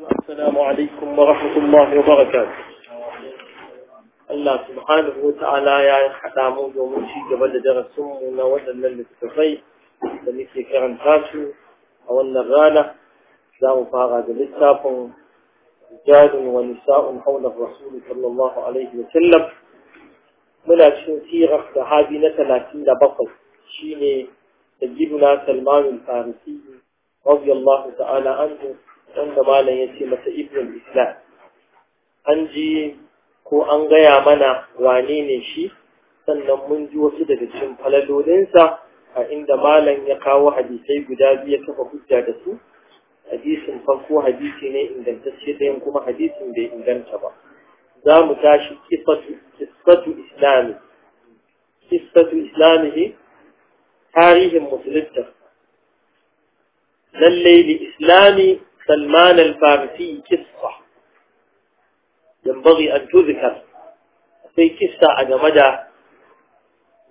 السلام عليكم ورحمة الله وبركاته الله سبحانه وتعالى يا حدامو يوم الشيجة بلد رسوم ونوال النل التفاي لنسي كران تاسو أول نغالة سلام فارغ للساف رجال ونساء حول الرسول صلى الله عليه وسلم من أشن سيرة تحابينة لكن لبقل شيني سيدنا سلمان الفارسي رضي الله تعالى عنه wanda malam ya ce masa ibn islam an ji ko an gaya mana wane ne shi sannan mun ji wasu daga cikin falalolinsa a inda malam ya kawo hadisai guda biyu ya kafa hujja da su hadisin farko hadisi ne ingantacce ɗayan kuma hadisin bai inganta ba za mu tashi kifatu islami islami ne tarihin musulunta lallai islami سلمان الفارسي قصة ينبغي أن تذكر في قصة على مدى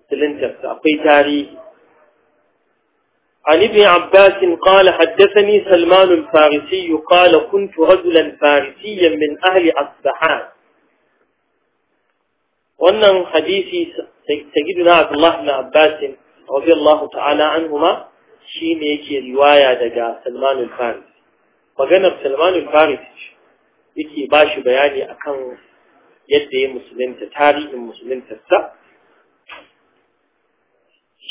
سلنتر في تاريخ عن ابن عباس قال حدثني سلمان الفارسي قال كنت رجلا فارسيا من أهل أصبحان وأن حديثي تجدنا عبد الله بن عباس رضي الله تعالى عنهما شيء يجي رواية دقاء سلمان الفارسي maganar salmanin farisi yake ba shi bayani akan yadda ya musulunta tarihin musuluntarsa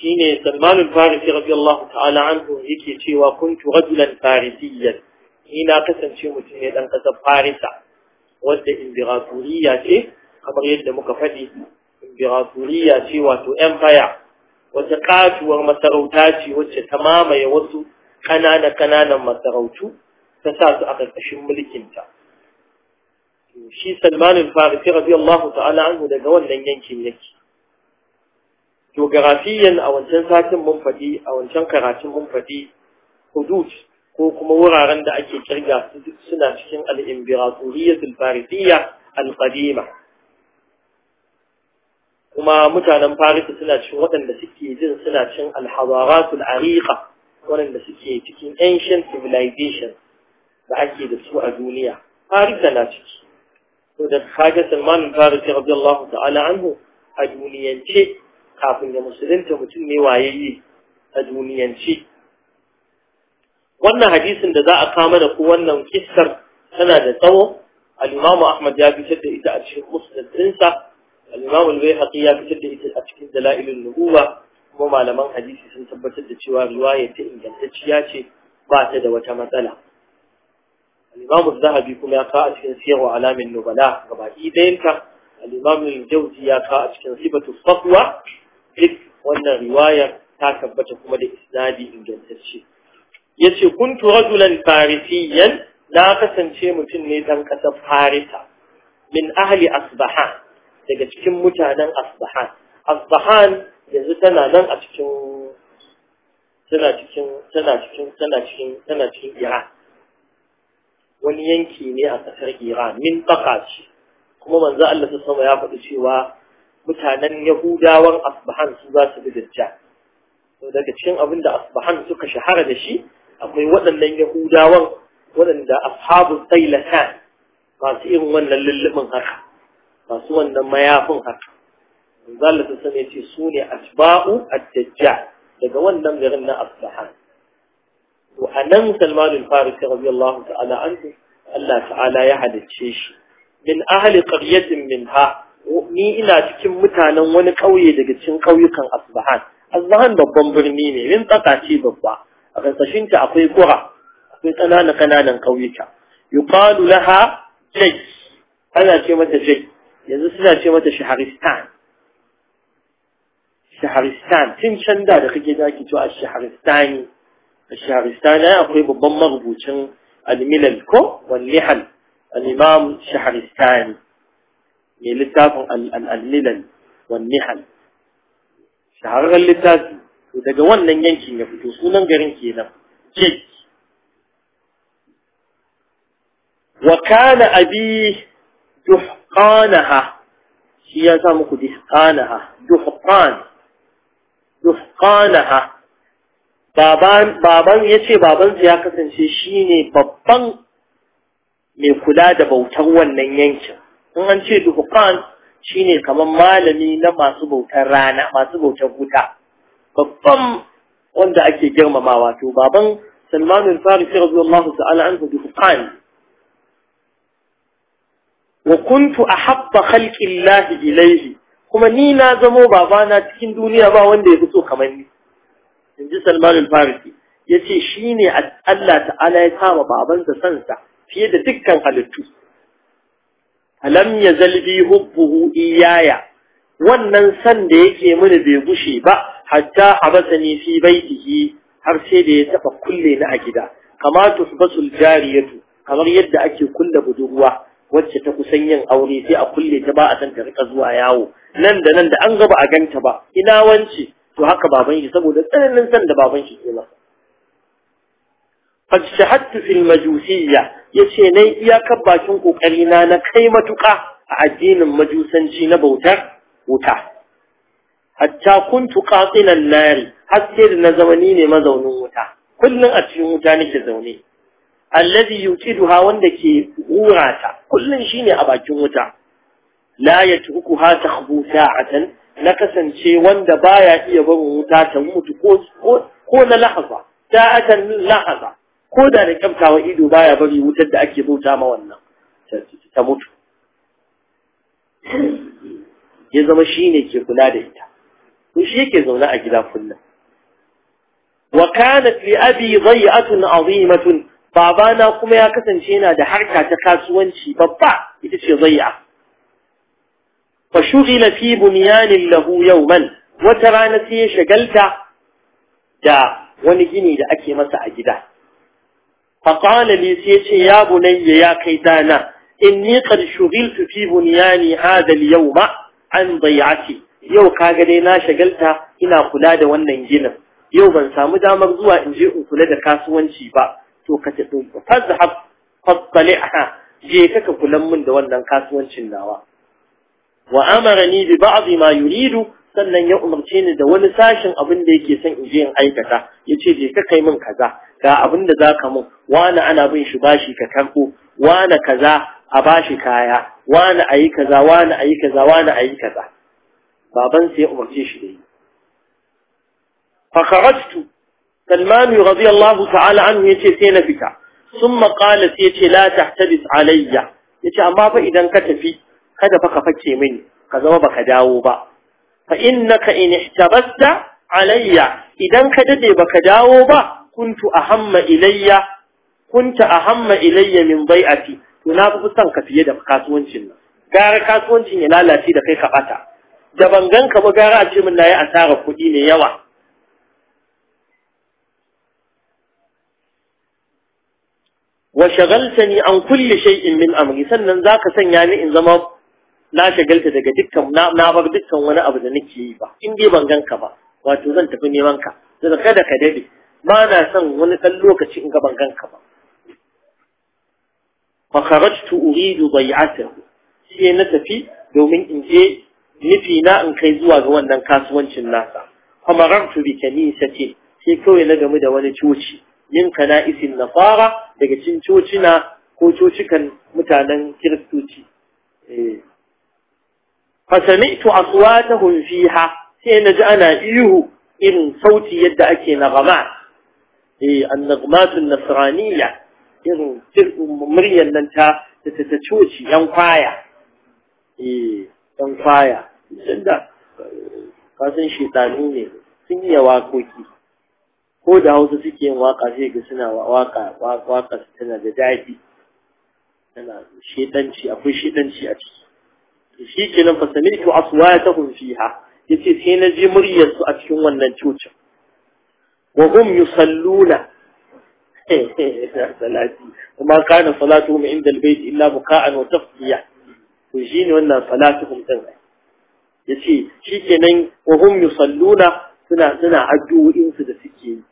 shine salmanin farisi radiyallahu ta'ala anhu yake cewa kuntu rajulan farisiyyan ni na kasance mutum ne dan kasar farisa wadda imbiratoriya ce kamar yadda muka faɗi imbiratoriya ce wato empire wata ƙatuwar masarauta ce wacce ta mamaye wasu ƙanana-ƙananan masarautu ta sa su a ƙarƙashin mulkinta shi salmanin farisi radiyallahu ta'ala anhu daga wannan yankin yake geografiyan a wancan satin mun faɗi a wancan karatun mun faɗi hudud ko kuma wuraren da ake kirga su duk suna cikin al-imbiratoriyatul farisiyya al-qadima kuma mutanen farisa suna cikin waɗanda suke jin suna cin al-hadaratul ariqa waɗanda suke cikin ancient civilization da ake da su a duniya farisa na ciki to da kaga salman farisi radiyallahu ta'ala anhu a duniyance kafin ya musulunta mutum ne yi a duniyance wannan hadisin da za a kama da ko wannan kissar tana da tsawo al-imamu ahmad ya fitar da ita a cikin musnad dinsa al-imamu al-bayhaqi ya fitar da ita a cikin dalailun nubuwa kuma malaman hadisi sun tabbatar da cewa riwaya ta ingantacciya ce ba ta da wata matsala الإمام الذهبي كما قاعد في سير وعلام النبلاء كما إيدينك الإمام الجوزي يا قاعد في صفة الصفوة لك وأن رواية تاكبت كما لإسنادي إن جنتشي يتي كنت رجلا فارسيا لا قسم شيء متني تنكسب فارسا من أهل أصبحان daga cikin mutanen Asbahan. Asbahan yanzu tana nan a cikin tana cikin tana cikin tana cikin tana cikin Iran. wani yanki ne a ƙasar Iran min baka ce kuma manzo Allah sama ya faɗi cewa mutanen Yahudawan Asbahan su za su bi dajjal daga cikin abin da Asbahan suka shahara da shi akwai waɗannan Yahudawan waɗanda ashabul tsailatan masu irin wannan lullumin haka masu wannan mayafin haka manzo Allah sama ya ce su ne asba'u ad-dajjal daga wannan garin na Asbahan وأنم سلمان الفارسي رضي الله تعالى عنه الله تعالى يحد الشيش من أهل قرية منها ومي إلا تكم متانا ونكوية لكتن قوية كان أصبحان أصبحان ببن برميمي من تقاتي ببا أغن سشين تأقوي قرى أقوي قنانا قنانا قوية يقال لها جي هذا كلمة جي يزسنا كلمة شهرستان شهرستان تم شندا لكي جداكي تو الشهرستاني shaharistani akwai babban marubucin al-milal ko wal-lihal al-imam shaharistani mai littafin al-milal shahararren littafi to daga wannan yankin ya fito sunan garin kenan jake wa kana ya baban ya ce babansu ya kasance shine babban mai kula da bautar wannan yankin in an ce dukkan shi ne kamar malami na masu bautar rana masu bautar wuta babban wanda ake girmama wato baban salmanul farisi radiyallahu ta'ala anhu duhukan wa kuntu ahabba khalqi ilayhi kuma ni na zamo babana cikin duniya ba wanda ya fito kamar ni in ji salman al-farisi ya ce shi ne Allah ta'ala ya kama babansa sansa fiye da dukkan halittu alam ya zalbi hubbuhu iyaya wannan san da yake mini bai gushe ba hatta abasani fi baitihi har sai da ya taba kulle ni a gida kama tusbasul jariyatu kamar yadda ake kulle budurwa wacce ta kusan yin aure sai a kulle ta ba a san ta rika zuwa yawo nan da nan da an gaba a ganta ba ina wance to haka baban shi saboda tsananin san da baban shi ke masa shahadtu fil majusiyya yace nayi iyakar bakin kokari na na kai matuka a addinin majusanci na bautar wuta hatta kuntu qatilan nari har sai da na zamani ne mazaunin wuta kullun a cikin wuta nake zaune alladhi yutiduha wanda ke hurata kullun shine a bakin wuta la yatukuha takhbu sa'atan na kasance wanda baya iya barin wuta ta mutu ko na lahaza ta akan lahaza ko da da kamtawa ido baya bari wutar da ake bauta ma wannan ta mutu ya zama shi ke kula da ita ko shi yake zaune a gida kullum wa kanat li abi dhay'atun azimatun babana kuma ya kasance yana da harka ta kasuwanci babba ita ce dhay'a فشغل في بنيان له يوما وترى نسي شغلت دا ونجني دا أكي مسا أجدا فقال لي سيتي يا بني يا قيدانا إني قد شغلت في بنياني هذا اليوم عن ضيعتي يو كاغدينا شغلت إنا قلاد وننجنا يو من سامدا مرضوا إنجي أقلاد كاسوان شيبا تو كتبون فذهب فاطلعها جيكك كلمن دوانا كاسوان شناوا wa amarani bi ba'dhi ma yuridu sannan ya umarce ni da wani sashin abin da yake son in je in aikata yace je ka kai min kaza ga abin da zaka mun wani ana bin shi bashi ka karko wani kaza a bashi kaya wani ayi kaza wani ayi kaza wani ayi kaza baban sai ya umarce shi dai fa kharajtu salman radiyallahu ta'ala anhu yace sai na fita summa qala sai yace la tahtabis alayya yace amma fa idan ka tafi kada fa ka fake mini ka zama baka dawo ba fa innaka in ihtabasta alayya idan ka dade baka dawo ba kuntu ahamma ilayya kunta ahamma ilayya min bai'ati to na fi son ka fiye da kasuwancin nan gara kasuwancin ya lalace da kai ka bata da ban ganka ba gara a ce min nayi asara kuɗi ne yawa wa shagaltani an kulli shay'in min amri sannan zaka sanya ni in zama na shagalta daga dukkan na bar dukkan wani abu da nake yi ba in dai ban ganka ba wato zan tafi neman ka daga kada ka dade ba na son wani dan lokaci in ga ban ganka ba fa kharajtu uridu bai'atahu sai na tafi domin in je nufi na in kai zuwa ga wannan kasuwancin nasa fa marartu bi kanisati sai kawai na gamu da wani coci min na nasara daga cin cocina ko cocikan mutanen kiristoci eh fasami'tu aswatahum fiha sai ji ana ihu irin sauti yadda ake nagama eh annagmatun nasraniya irin muryan nan ta ta coci yan kwaya eh yan kwaya tunda kasan shedanu ne sun yi wakoki ko da hausa suke yin waka sai ga suna waka waka tana da daɗi tana shedanci akwai shedanci a ciki shi kenan fa sami'tu aswatahum fiha yace sai na ji muryar su a cikin wannan cocin wa hum yusalluna salati kuma kana salatuhum inda albayt illa buka'an wa tafsiya to ne wannan salatuhum din yace shi kenan wa hum yusalluna suna suna addu'o'in su da suke yi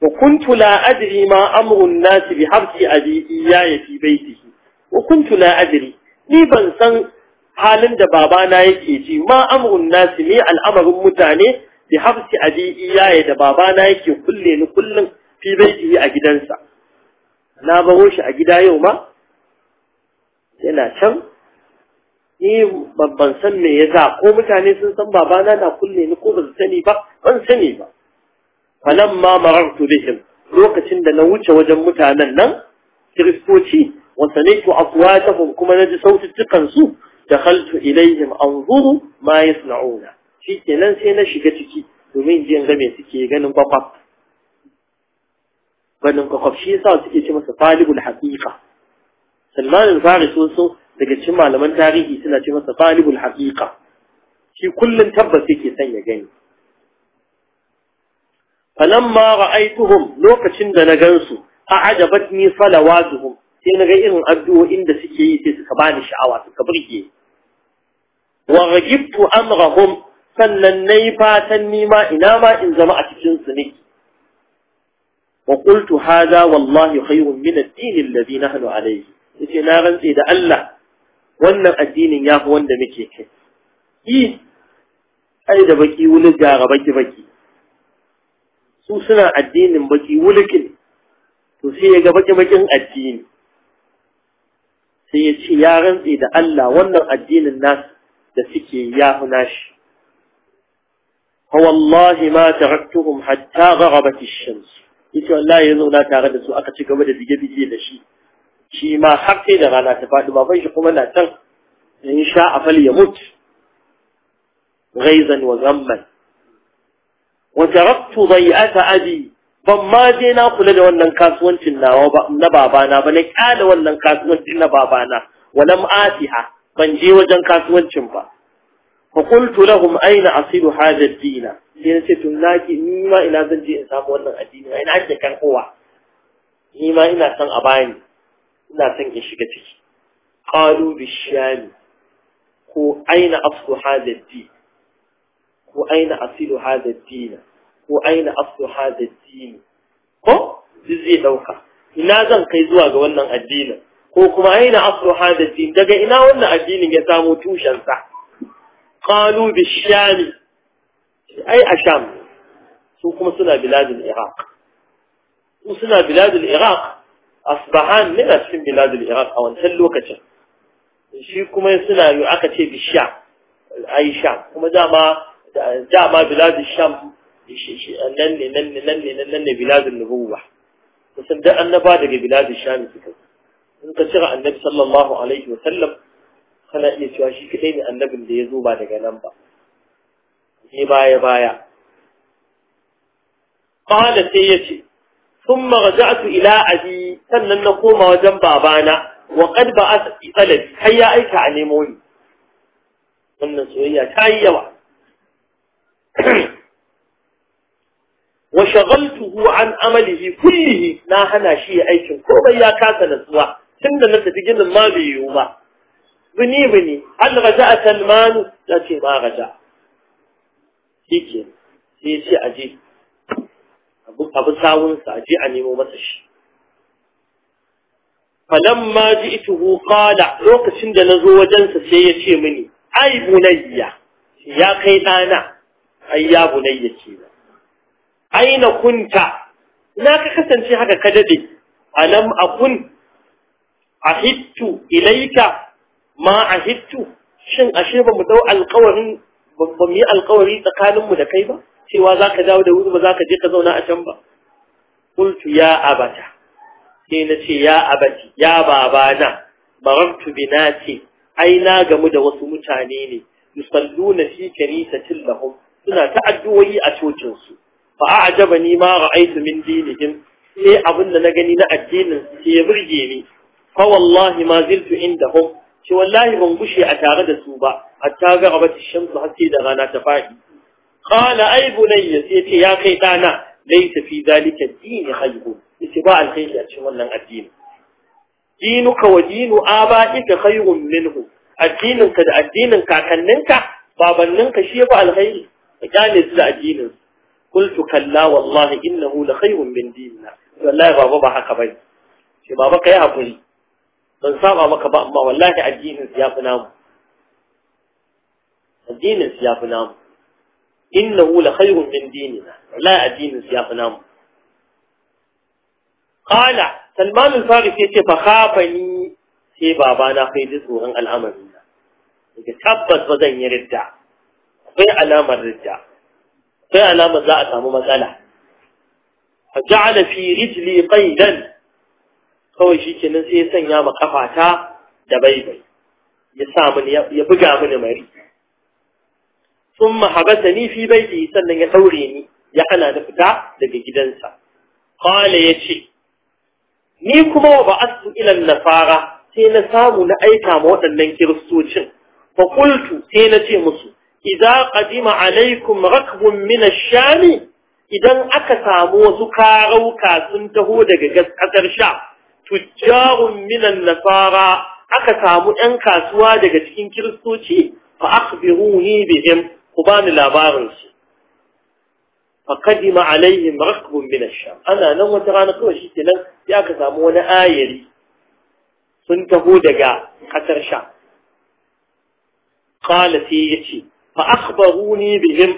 wa kuntu la adri ma amru an-nas bi habsi abi ya fi baytihi wa kuntu la adri ni ban san halin da babana yake ji ma amrun nasi ne al'amarin mutane bi hafsi abi iyaye da babana yake kulle ni kullun fi baiti a gidansa na baro shi a gida yau ma yana can ni babban san me yasa ko mutane sun san babana na kulle ni ko ban sani ba ban sani ba falamma marartu bihim lokacin da na wuce wajen mutanen nan kiristoci وسمعت أصواتهم كما نجي صوت التقنسو دخلت إليهم أنظر ما يصنعون شيء كنان سينا شكتكي domin jin game suke ganin kwakwaf ganin kwakwaf shi yasa suke ce masa talibul haqiqa Salman al daga cikin malaman tarihi suna ce masa talibul shi kullun tabbas yake son ya gani falamma ra'aituhum lokacin da na gansu a'jabatni salawatuhum sai na ga irin addu'o'in da suke yi sai suka bani sha'awa suka burge wa ragibtu amrahum sannan nayi fatan nima ina ma in zama a cikin su ne wa qultu hadha wallahi khayrun min ad-din alladhi nahnu alayhi yace na rantse da Allah wannan addinin yafi wanda muke kai yi ai da baki wuli gara baki baki su suna addinin baki wulikin to sai ya ga baki bakin addini sai ya ce ya rantse da Allah wannan addinin nas da suke ya huna shi wallahi ma taraktuhum hatta gharabat ash-shams yace wallahi yanzu na tare da su aka ci gaba da bige-bige da shi shi ma har sai da rana ta fadi baban shi kuma na can in sha afal ya mutu ghaizan wa zamman wa taraktu dhai'ata abi ban ma je na kula da wannan kasuwancin nawa ba na babana ba na kyale wannan kasuwancin na babana walam asiha ban je wajen kasuwancin ba fa qultu lahum aina asilu hadha ad-din sai nace to naki ni ma ina zan je in samu wannan addini ina ake kan kowa ni ma ina son a bani ina son in shiga ciki qalu bishani ko aina aslu hadha ad ko aina asilu hadha ad ko aina aslu hada din ko zai dauka ina zan kai zuwa ga wannan addinin ko kuma aina aslu hada din daga ina wannan addinin ya samu tushen sa qalu bishami ai asham su kuma suna biladul iraq su suna biladul iraq asbahan ne na cikin biladul iraq a wancan lokacin shi kuma suna yi aka ce bisham ai sham kuma dama dama biladul sham nan ne biladun nubuwa kusan da annaba daga biladun shami suka in ka cira annabi sallallahu alaihi wa sallam kana iya cewa shi kadai ne annabin da ya zo ba daga nan ba ne baya baya qala sai yace thumma raja'tu ila abi sannan na koma wajen babana wa qad ba'at qalbi har ya aika a nemo ni wannan soyayya ta yi yawa wa shagaltuhu an amalihi kullihi na hana shi ya aikin komai ya kasa tun tunda na tafi ginin ma bai yiwu ba bini bini hal raja'a salmanu na ce ba raja shike sai ya ce aje abu sawunsa aje a nemo masa shi ma ita ji'tuhu qala lokacin da na zo wajensa sai ya ce mini ai bunayya ya kai ɗana, ai ya bunayya ce aina kunta ina ka kasance haka ka dade alam akun ahittu ilayka ma ahittu shin ashe ba mu dau alƙawarin ba mu yi alƙawari tsakaninmu da kai ba cewa za dawo da wuri ba za ka je ka zauna a can ba qultu ya abata sai na ce ya abati ya babana marartu bi ce ai na gamu da wasu mutane ne yusalluna fi kanisatin lahum suna ta addu'o'i a su. fa ni ma ra'aytu min dinihim sai abin da na gani na addinin sai ya burge ni fa wallahi ma ziltu indahum shi wallahi ban gushe a tare da su ba ta ga gaba ta shamsu haske da rana ta fadi kala ay bunayya sai ce ya kai dana laysa tafi zalika dini haihu. yace ba alkhairi a cikin wannan addini dinuka wa dinu aba'ika khayrun minhu addininka da addinin kakanninka babanninka shi ba alkhairi ka kyale su da addinin قلت كلا والله إنه لخير من ديننا والله بابا حكا بي بابا كي أقول من صعب مك بقى ما والله الدين سياف نام الدين سياف نام إنه لخير من ديننا لا الدين سياف نام قال سلمان الفارسي يتي فخافني سي babana kai ji الأمر al'amarin تبت وزن يردع في علامة yi sai alamar za a samu matsala a ja'ala fi rijli qaidan kawai shikenan sai ya sanya ma kafata da baibai ya sa mini ya buga mini mari thumma ni fi baiti sannan ya daure ni ya hana da fita daga gidansa Kwale ya ce. ni kuma ba ilan na nafara sai na samu na aika ma waɗannan kiristocin fa kultu sai na ce musu idza qadima alaikum rakbun min ash idan aka samu wasu karauka sun taho daga kasar sha tujjarun min nasara aka samu ɗan kasuwa daga cikin kiristoci fa akhbiruni bihim ku bani labarin su fa qadima alaihim rakbun min sham ana nan wata rana kawai shi kenan sai aka samu wani ayari sun taho daga kasar sha qala sai yace فأخبروني بهم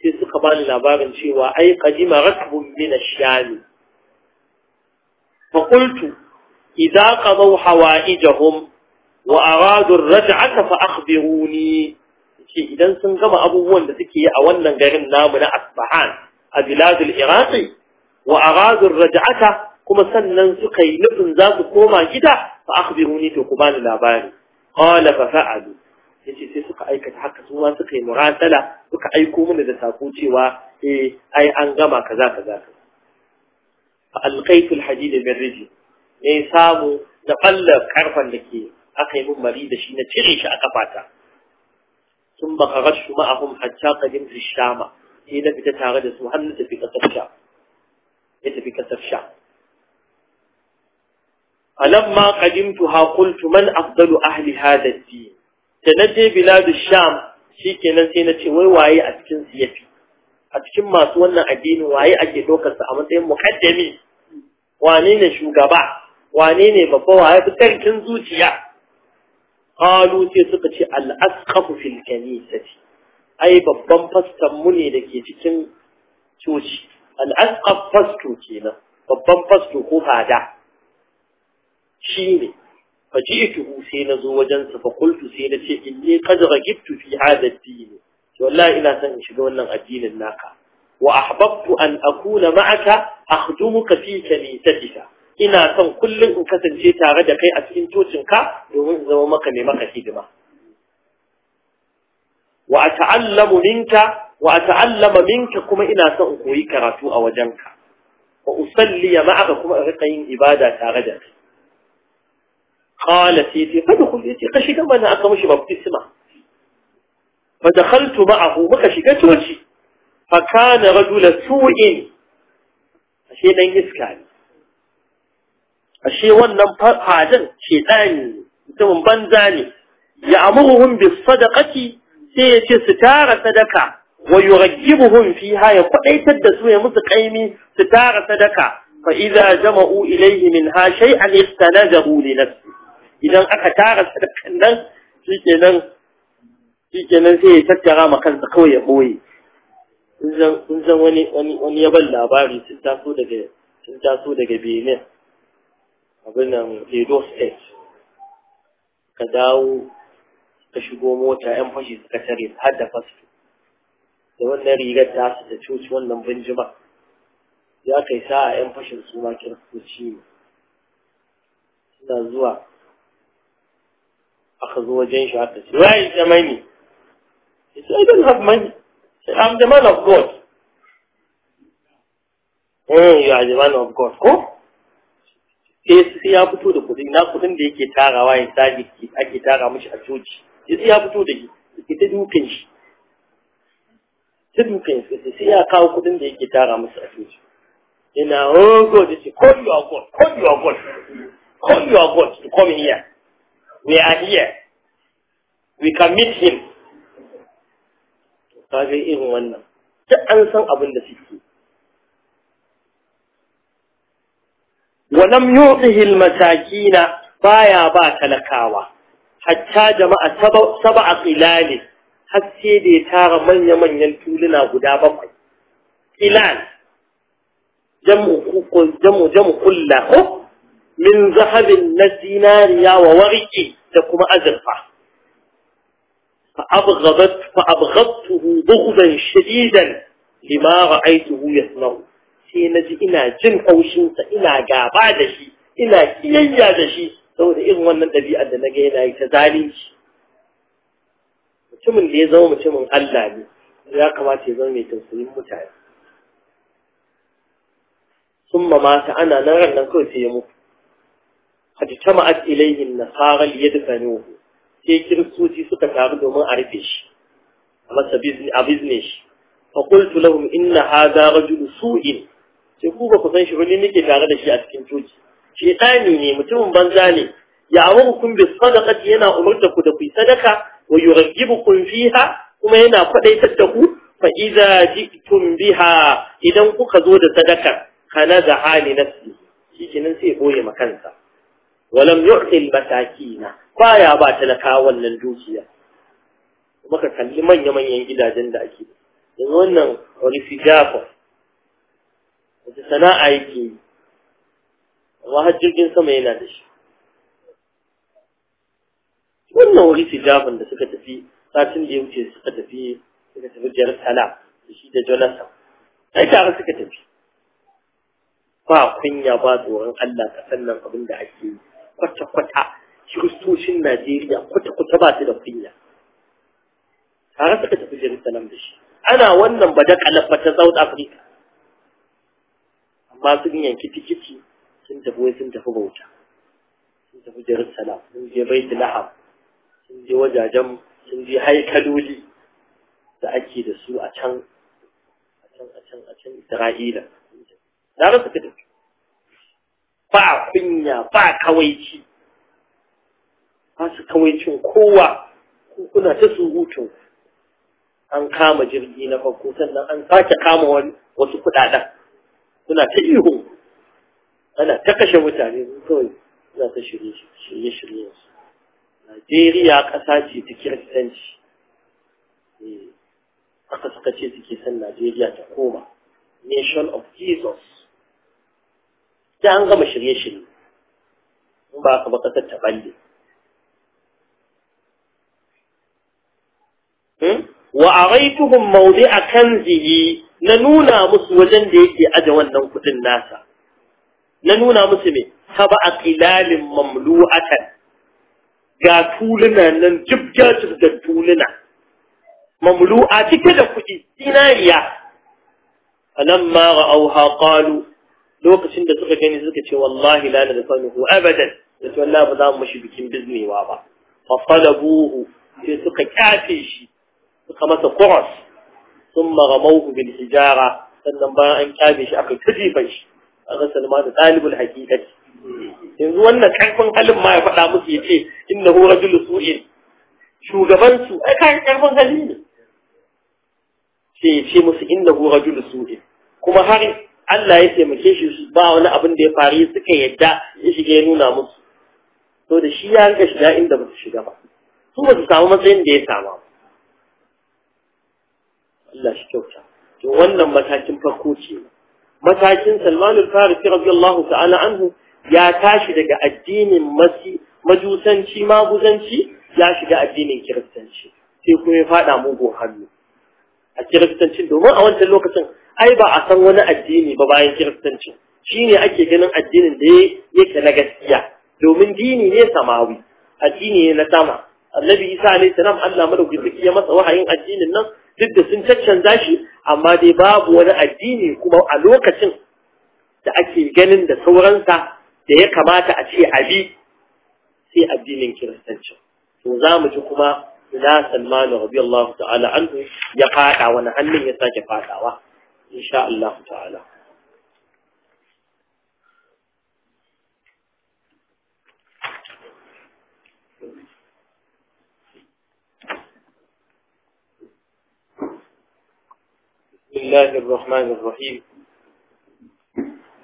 في سقبان الأبار شوى أي قديم ركب من الشام فقلت إذا قضوا حوائجهم وأرادوا الرجعة فأخبروني إذا إذن أبو أبوهن لتكي أولا غير النامنا أصبحان أبلاد العراقي وأرادوا الرجعة كما سننسقي نفن ذات كوما جدا فأخبروني في قبان الأبار قال ففعلوا yace sai suka aikata haka su ma suka yi murasala suka aiko mana da sako cewa eh ai an gama kaza kaza fa alqaitu alhadid birriji rijli ne samu da falla karfan dake ke aka yi mun mari da shi na cire shi a kafata sun baka gashu ma ahum hatta qadim fi shama sai na fita tare da su har na tafi kasafsha sha ya tafi kasafsha sha alamma qadimtuha qultu man afdalu ahli hadha ad-din da na je biladu sham shi kenan sai na ce wai waye a cikin su yafi a cikin masu wannan addini waye ake dokarsa a matsayin mukaddami wane ne shugaba wane ne babba waye fi karkin zuciya qalu sai suka ce al-asqafu fil kanisati ai babban fastan mu ne dake cikin coci al-asqaf fasto kenan babban fasto ko fada ne. sai na فجئته سين زو فقلت سين تي اني قد رغبت في هذا الدين ina son in shiga wannan addinin naka wa ahbabtu an akuna ma'aka akhdumuka fi kanisatika ina son kullum in kasance tare da kai a cikin cocin ka domin in zama maka ne maka hidima wa ata'allamu wa ata'allama minka kuma ina son in koyi karatu a wajen wajenka wa usalli ma'aka kuma in rika yin ibada tare da kai قال سيدي فدخل يتي قشيك ما نعطى مشي مبتسمة فدخلت معه مكشيك توجي فكان رجل سوء أشي دين يسكاني أشي ونم فعجا شيطاني بنزاني يأمرهم بالصدقة سيتي ستار صدقة ويغجبهم فيها يقعي تدسوا يمزق أيمي ستار صدقة فإذا جمعوا إليه منها شيئا استنزغوا لنفسه idan aka tara sadakan nan shikenan shikenan sai ya tattara ma kansa kawai ya boye in zan wani wani wani labari sun taso daga sun taso daga Benin abin nan Edo State ka dawo ka shigo mota yan fashi suka tare har da fasto da wannan rigar ta su da coci wannan binjima ya kai sa'a yan fashin su ma kiristoci ne suna zuwa aka zo wajen shi aka ce why is the money he said I don't have money said, I'm the man of God eh you are the man of God ko sai eh, sai ya fito da kuɗi na kuɗin da yake tarawa ya sadiki ake tara mishi a coci sai ya fito da shi ta dukan shi ta dukan shi sai ya kawo kuɗin da yake tara musu a coci Ina oh God ce call your God call your God call your God to come here we are here we can meet him kaga irin wannan duk an san abin da suke ولم يعطه na baya ba talakawa hatta jama'a sab'a qilal har sai da ya tara manya-manyan tuluna guda bakwai qilal jamu jamu jamu min zahabin na zinariya wa warqi تقوم أزلقا فأبغضت فأبغضته بغضا شديدا لما رأيته يثنو سينجي إنا جن أو شنط إنا قابع دشي إنا كييا دشي سوى إغوان النبي أن نجينا يتزاليش متمن ليزو متمن ألاني يا كما تيزون يتوسلين متعب ثم مات أنا نرى أنك سيموت قد اجتمعت إليه النصارى ليدفنوه sai kiristoci suka taru domin a rufe shi a masa a bizne shi fa qultu lahum inna hadha rajul su'in sai ku ba ku san shi ba ni nake tare da shi a cikin coci shaytani ne mutumin banza ne ya amurkum bis sadaqati yana umarta ku da ku sadaka wa yurghibukum fiha kuma yana kwadaitar da ku fa idza biha idan kuka zo da sadaka kana da hali nafsi shi kenan sai boye makansa walam yu'til masakina baya ba talaka wannan dukiya Kuma ka kalli manya manyan gidajen da ake yanzu wannan rifijafa da sana'a yake amma har jirgin sama yana da shi wannan Jafan da suka tafi satin da ya wuce suka tafi suka tafi jerusalem da shi da jonathan ai tare suka tafi ba kunya ba tsoron allah ka sannan abin da ake yi kwata-kwata kiristocin Najeriya kwata-kwata ba su da kunya. Tare suka tafi Jerusalem da shi. Ana wannan ba da kalabba ta South Africa. Amma sun yanki tikiti sun tafi wai sun tafi bauta. Sun tafi Jerusalem, sun je Baitul Lahab, sun je wajajen sun je haikaloli da ake da su a can a can a can a can Isra'ila. Tare suka tafi. ba kunya ba kawaici ba su kawaicin kowa kuna ta surutun an kama jirgi na farko sannan an sake kama wasu kudaden suna ta ihu ana ta kashe mutane kawai suna ta shirye shirye su Najeriya kasa ce ta kiristanci eh, aka suka ce suke son Najeriya ta koma nation of Jesus da an gama shirye-shirye in ba ka ba ƙasar ta balle hmm? wa araituhum mawdi'a kanzihi na nuna musu wajen da yake aje wannan kudin nasa na nuna musu me sab'a qilalin mamlu'atan ga tuluna nan jibga da tuluna mamlu'a cike da kudi dinariya falamma auha qalu lokacin da suka gani suka ce wallahi la nadfanuhu abadan da to Allah ba za mu mishi bikin biznewa ba fa qalabuhu sai suka kyafe shi suka masa kuras Sun mara bil hijara sannan bayan an kyafe shi aka tajifa shi aka salma da talibul haqiqati yanzu wannan karfin halin ma ya faɗa musu yace innahu rajulu su'in shugaban su ai kan karfin hali ne sai ya ce musu innahu rajulu su'in kuma har Allah ya taimake shi ba wani abin da ya faru suka yadda ya shige ya nuna musu to da shi ya rika shiga inda ba su shiga ba su ba su samu matsayin da ya sama ba Allah shi kyauta to wannan matakin farko ce matakin Salmanul Farisi radiyallahu ta'ala anhu ya tashi daga addinin masi majusanci maguzanci ya shiga addinin kiristanci sai kuma ya fada mugun hannu a kiristancin domin a wancan lokacin ai ba a san wani addini ba bayan kiristanci shine ake ganin addinin da yake na gaskiya domin dini ne samawi addini ne na sama annabi isa alaihi salam Allah madaukaki ya masa wahayin addinin nan duk da sun caccanza shi amma dai babu wani addini kuma a lokacin da ake ganin da sauransa da ya kamata a ce abi sai addinin kiristanci to za mu ji kuma ina salmanu rabiyallahu ta'ala anhu ya fada wani hannun ya sake fadawa إن شاء الله تعالى بسم الله الرحمن الرحيم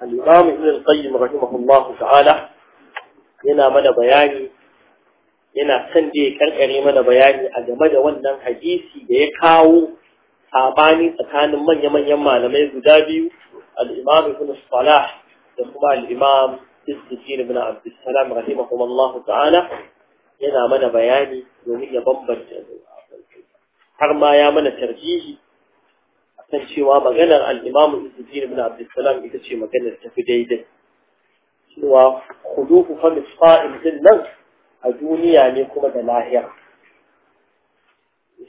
الإمام ابن القيم رحمه الله تعالى هنا من بياني هنا سندي كالقريمان بياني أجمد ونن حديثي بيكاو sabani tsakanin manya-manyan malamai guda biyu al’imam ibn salah da kuma al’imam imam istijin ibn abdussalam Allah ta'ala yana mana bayani domin ya bambanta har ma ya mana tarjihi kan cewa maganar alimam istijin ibn ita ce maganar tafi daidai cewa kudu fa misfa'il din nan a duniya ne kuma da lahiya.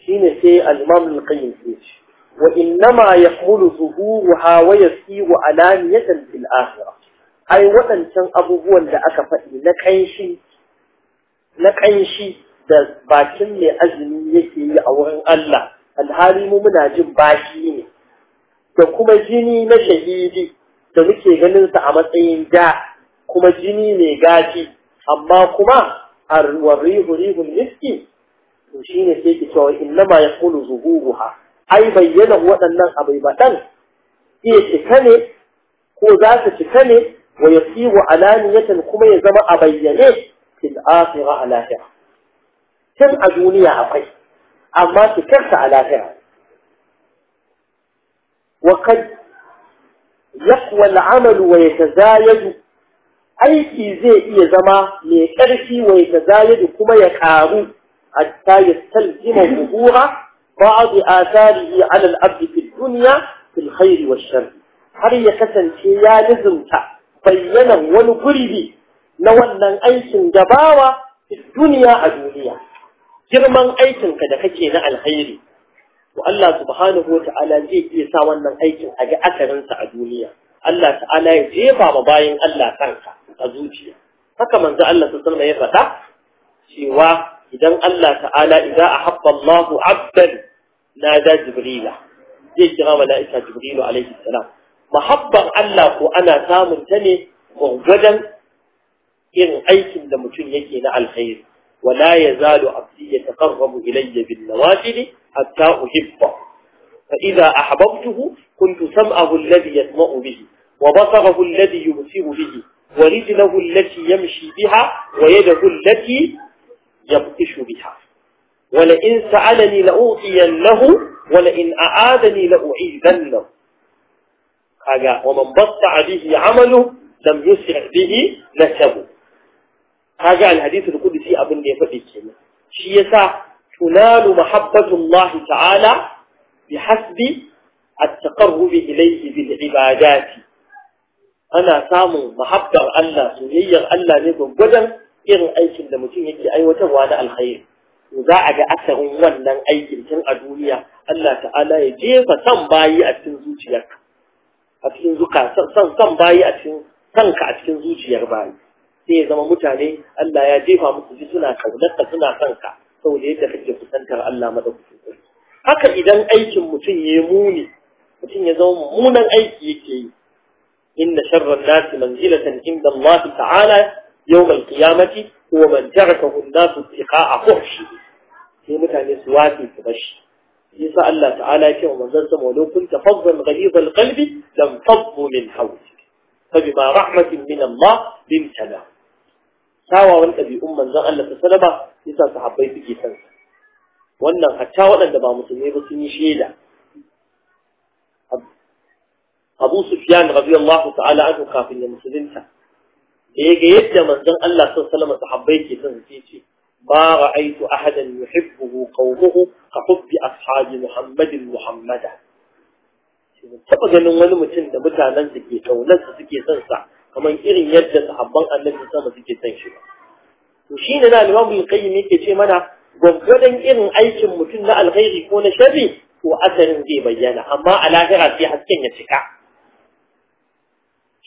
shine sai al-imam al-qayyim ya ce wa innama yahmulu ha wa yasiru alaniyatan fil akhirah ai waɗancan abubuwan da aka faɗi na ƙanshi na kanshi da bakin mai azumi yake yi a wurin Allah alhali mu muna jin bashi ne da kuma jini na shahidi da muke ganin sa a matsayin da kuma jini mai gaji amma kuma arwarihu rihun miski to ne sai ki cewa kulu yaqulu zuhuruha ai bayyana waɗannan abai baɗan iya cika ne ko za su cika ne wa ya fi wa alaniyatan kuma ya zama a bayyane fil akhirah a lahira tun a duniya akwai amma cikarsa a lahira wa kad yaqwa al'amal wa yatazayadu aiki zai iya zama mai ƙarfi wa yatazayadu kuma ya ƙaru حتى يستلزم ظهور بعض آثاره على الأرض في الدنيا في الخير والشر حريا كسن شيا نزمت بينا ونقرب نوانا أيس جباوة في الدنيا الدنيا جرما أيس كدكتنا الخير والله سبحانه وتعالى جيت يساوانا أيس أجا أكرنس الدنيا الله تعالى جيبا مباين الله تنكا أزوجيا فكما أنزع الله سبحانه وتعالى شواه idan Allah ta'ala idza ahabba Allahu 'abdan nada jibrila zai kira mala'ika jibrilu alaihi salam mahabban Allah ko ana samun ta ne gwagwadan irin aikin da mutum yake na alkhairi ولا يزال عبدي يتقرب إلي بالنوافل حتى أحبه فإذا أحببته كنت سمعه الذي يسمع به وبصره الذي يبصر به ورجله التي يمشي بها ويده التي يبطش بها ولئن سألني لأعطينه ولئن أعادني لأعيدنه هذا ومن بطع به عمله لم يسرع به نسبه هذا الحديث القدسي أبن يفضل كنا شيء تنال محبة الله تعالى بحسب التقرب إليه بالعبادات أنا سامو محبة الله سنية الله نبو بدن irin aikin da mutum yake aiwatarwa na alkhairi to za a ga asarin wannan aikin tun a duniya Allah ta'ala ya jefa san bayi a cikin zuciyarka a cikin zuka san san bayi a cikin kanka a cikin zuciyar bayi sai ya zama mutane Allah ya jefa musu ji suna kaunarka suna kanka saboda yadda kake kusantar Allah madaukakin haka idan aikin mutum ya muni mutum ya zama mummunan aiki yake yi inna sharran nasi manzilatan inda Allah ta'ala يوم القيامة هو من تركه الناس اتقاء فحش في متعني سواتي فبش يسا الله تعالى كي ومزلتم ولو كنت فضا غليظ القلب لم فضوا من حولك فبما رحمة من الله بمتنا ساوى وانت بي أم من زغل تسلبا يسا صحبي بكي تنسى وانا حتى وانا دبا مسلمين بسيني شيلا أبو سفيان رضي الله تعالى عنه كافي المسلمين da ga yadda manzon Allah sallallahu alaihi wasallam ke son su ce ba ra'aitu ahadan yuhibbuhu qawmuhu ka hubbi ashabi muhammadin muhammada taba ganin wani mutum da mutanen da ke kaunar su suke son sa kamar irin yadda sahabban annabi sama suke son shi ba to shine na al-imam al-qayyim yake ce mana gwaggwadon irin aikin mutum na alkhairi ko na sharri ko asarin zai bayyana amma a lahira sai hasken ya cika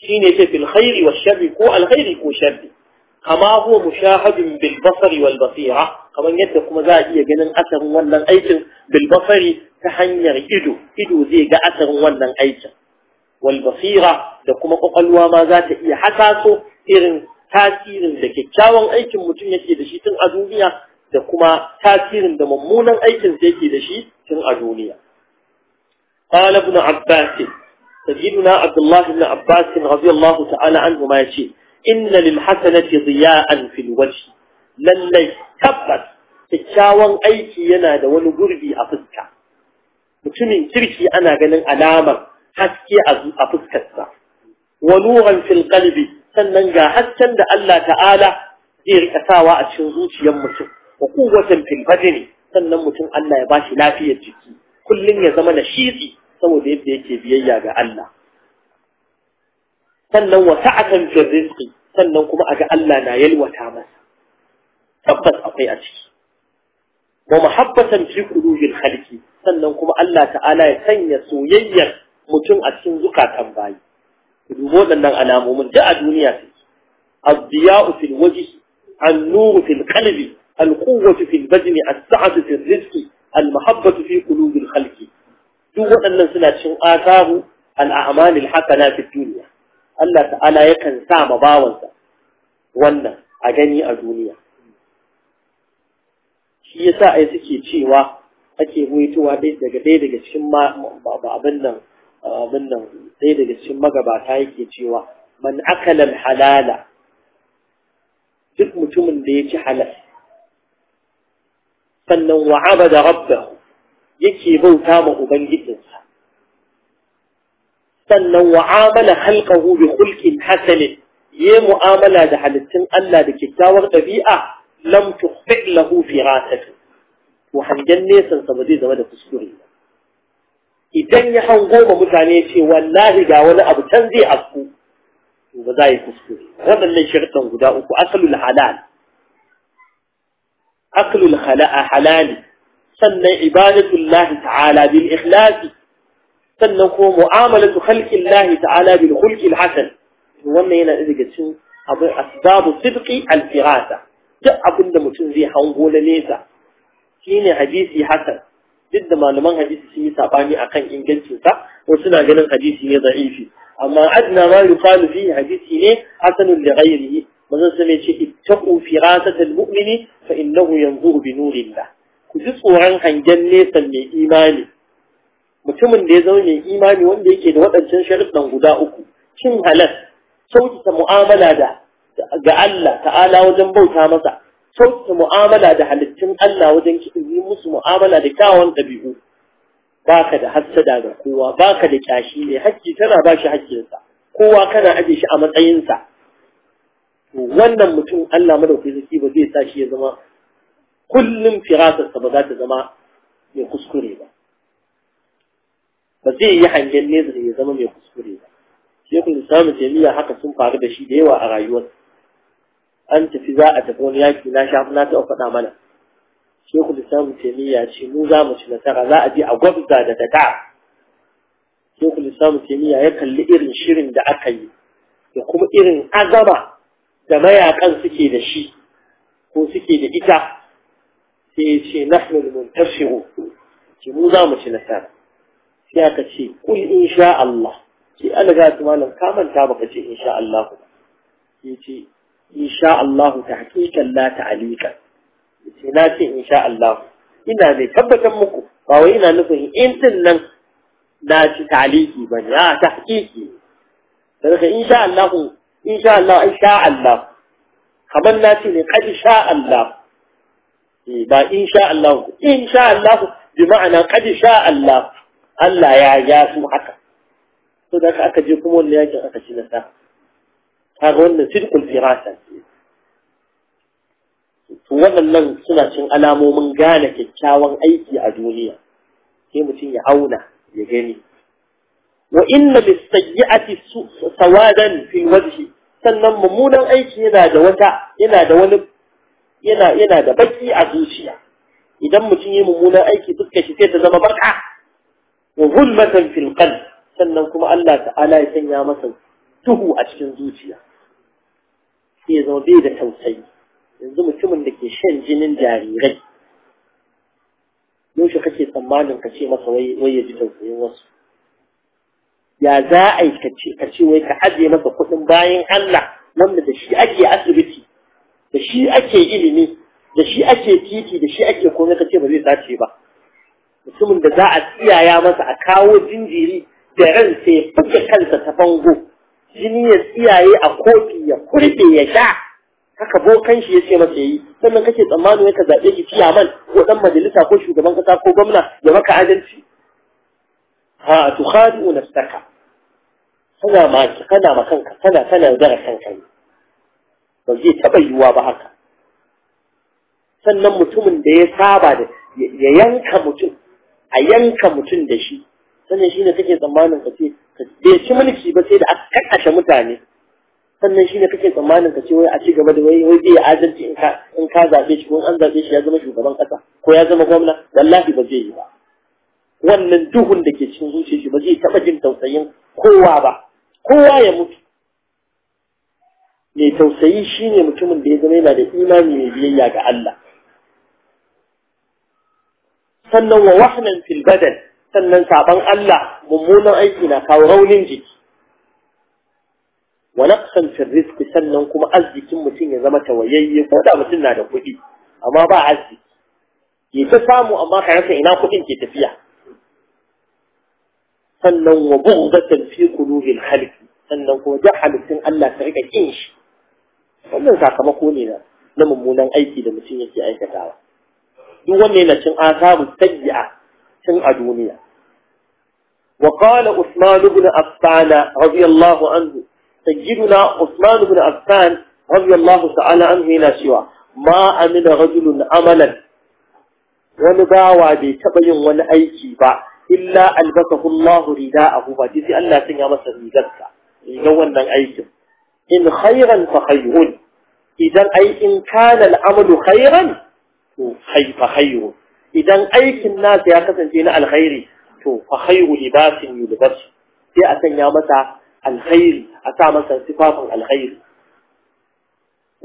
shine yace fil khairi wa sharri ko alkhairi ko sharri kama huwa mushahadun bil basari wal basira kaman yadda kuma za a iya ganin asarin wannan aikin bil basari ta hanyar ido ido zai ga asarin wannan aikin wal basira da kuma kwakwalwa ma za ta iya hasaso irin tasirin da kyakkyawan aikin mutum yake da shi tun a duniya da kuma tasirin da mummunan aikin yake da shi tun a duniya qala ibn abbas سيدنا عبد الله بن عباس رضي الله تعالى عنه ما يشي إن للحسنة ضياء في الوجه للي تبت تشاوان أيكي ينادى ونقربي أفسك mutumin kirki ana ganin alamar haske a fuskarsa wa nuran fil sannan ga hasken da Allah ta'ala zai rika sawa a cikin zuciyar mutum wa quwwatan fil badani sannan mutum Allah ya bashi lafiyar jiki kullum ya zama nashizi saboda yadda yake biyayya ga Allah sannan wa sa'atan fi rizqi sannan kuma aga Allah na yalwata masa tabbas akwai a ciki wa muhabbatan fi qulubil khalqi sannan kuma Allah ta'ala ya sanya soyayya mutum a cikin zukatan bayi dubo waɗannan alamomin da a duniya take الضياء في الوجه النور في القلب القوة في البدن السعة في الرزق المحبة في قلوب الخلق duk waɗannan suna cin asahu haka na fi duniya Allah ta'ala yakan sa ma bawansa wannan a gani a duniya shi yasa ai suke cewa ake huitowa daga ɗaya daga cikin abin nan abin nan ɗaya daga cikin magabata yake cewa man akala halala duk mutumin da ya ci halal sannan wa abada rabbahu yake bauta ma ubangijinsa sannan wa'amala khalqahu bi khulqin hasan yi mu'amala da halittun Allah da kyakkyawar ɗabi'a lam tukhfi lahu firasatu to hangen nesan sa ba zai zama da kuskure ba idan ya hango ma mutane ce wallahi ga wani abu can zai afku to ba za yi kuskure waɗannan shirkan guda uku asalul halal aklul halali sannan ibadatullahi ta'ala bil ikhlasi sannan ko mu'amalatu khalqillahi ta'ala bil khulqil hasan wannan yana daga cikin abin asbabu sidqi al firasa duk abin da mutum zai hango na nesa shine hadisi hasan duk da malaman hadisi sun yi sabani akan ingancin sa wasu na ganin hadisi ne da'ifi amma adna ma yuqalu fi hadisi ne hasanun li ghayrihi manzon sai ce ittaqu firasata al mu'mini fa innahu yanzuru bi nurillah ku ji tsoron hangen nesa mai imani mutumin da ya zama mai imani wanda yake da waɗancan sharuɗan guda uku cin halal kyautata mu'amala da ga Allah ta'ala wajen bauta masa kyautata mu'amala da halittun Allah wajen yi musu mu'amala da kyawun ɗabi'u baka da hassada ga kowa baka da kyashi ne hakki tana ba shi hakkinsa kowa kana aje shi a matsayinsa wannan mutum Allah madaukakin sarki ba zai sa shi ya zama kullum firasarsa ba za ta zama mai kuskure ba ba zai yi hangen nesa da ya zama mai kuskure ba shekul islamu jami'a haka sun faru da shi da yawa a rayuwar an tafi za a tafi wani yaki na shafi na taɓa faɗa mana shekul islamu jami'a ce mu za mu ci nasara za a je a gwabza da ta shekul islamu jami'a ya kalli irin shirin da aka yi da kuma irin azama da mayakan suke da shi ko suke da ita تيتي نحن المنتفق تي مزامة نسان تيكا تي قل إن شاء الله تي أنا قاعد مالا كامل تابك تي إن شاء الله تيتي إن شاء الله تحكيكا لا تعليكا تيناتي إن شاء الله إنا ذي كبتا مكو فوينا نفهي إنت لن ناتي تعليكي بني آه تحكيكي إن شاء الله إن شاء الله إن شاء الله خبرناتي لقد شاء الله Eh, ba in sha Allah in sha Allah bi ma'ana qad sha Allah Allah ya ja su haka to da aka je kuma wannan yakin aka ci nasara kaga wannan sidqul firasa to waɗannan suna cin alamomin gane kyakkyawan aiki a duniya sai mutum ya auna ya gani wa inna bisayyi'ati sawadan fi wajhi sannan mummunan aiki yana da wata yana da wani yana yana da baki a zuciya idan mutum ya mummunan aiki dukkan shi sai ta zama baka wa hulmatan fil qalb sannan kuma Allah ta'ala ya sanya masa tuhu a cikin zuciya sai ya zama bai da tausayi yanzu mutumin da ke shan jinin jarirai yaushe kake tsammanin ka ce masa wai ya ji tausayin wasu ya za a yi ka ce wai ka ajiye masa kuɗin bayan Allah wanda da shi ake asibiti da shi ake ilimi da shi ake titi da shi ake komai kace ba zai sace ba mutumin da za a tsiyaya masa a kawo jinjiri da ran sai fuka kansa ta bango jini ya tsiyaye a kofi ya kurbe ya sha haka bokan shi ya ce masa yayi sannan kake tsammanin ya ka zaɓe ki man ko dan majalisa ko shugaban kasa ko gwamna ya maka adalci ha tukhadi'u nafsaka kana ma kana ma kanka kana kana dara kanka ne ba zai taɓa yiwuwa ba haka sannan mutumin da ya saba da ya yanka mutum a yanka mutum da shi sannan shi ne kake tsammanin ka ce bai ci mulki ba sai da aka kakashe mutane sannan shi ne kake tsammanin ka ce wai a ci gaba da wai zai zai adalci in ka in ka zaɓe shi ko an zaɓe shi ya zama shugaban ƙasa ko ya zama gwamna wallahi ba zai yi ba wannan duhun da ke cikin zuciya shi ba zai taɓa jin tausayin kowa ba kowa ya mutu mai tausayi shine mutumin da ya zama yana da imani mai biyayya ga Allah sannan wa wahanan filbadan, sannan saban Allah mummunan aiki na kawo raunin jiki wa naqsan fil rizqi sannan kuma arzikin mutum ya zama tawayayye ko da mutum na da kuɗi amma ba arziki ke ta samu amma ka rasa ina kuɗin ke tafiya sannan wa bughdatan fi qulubil khalqi sannan kuma jan halittun Allah ta rika kin shi wannan sakamako ne na mummunan aiki da mutum yake aikatawa duk wanda yana cin asabu tajji'a cin a duniya wa qala usman ibn affan radiyallahu anhu tajiduna usman ibn affan ta'ala anhu ila shiwa ma amina rajulun wani bawa bai taɓa yin wani aiki ba illa albasahu allah ridahu ba dai sai allah ya masa rigarka ga wannan aikin إن خيرا فخير إذا أي إن كان العمل خيرا فخير إذا أي الناس يقصدون الخير فخير لباس يلبس في أتن الخير أتامتا صفاف الخير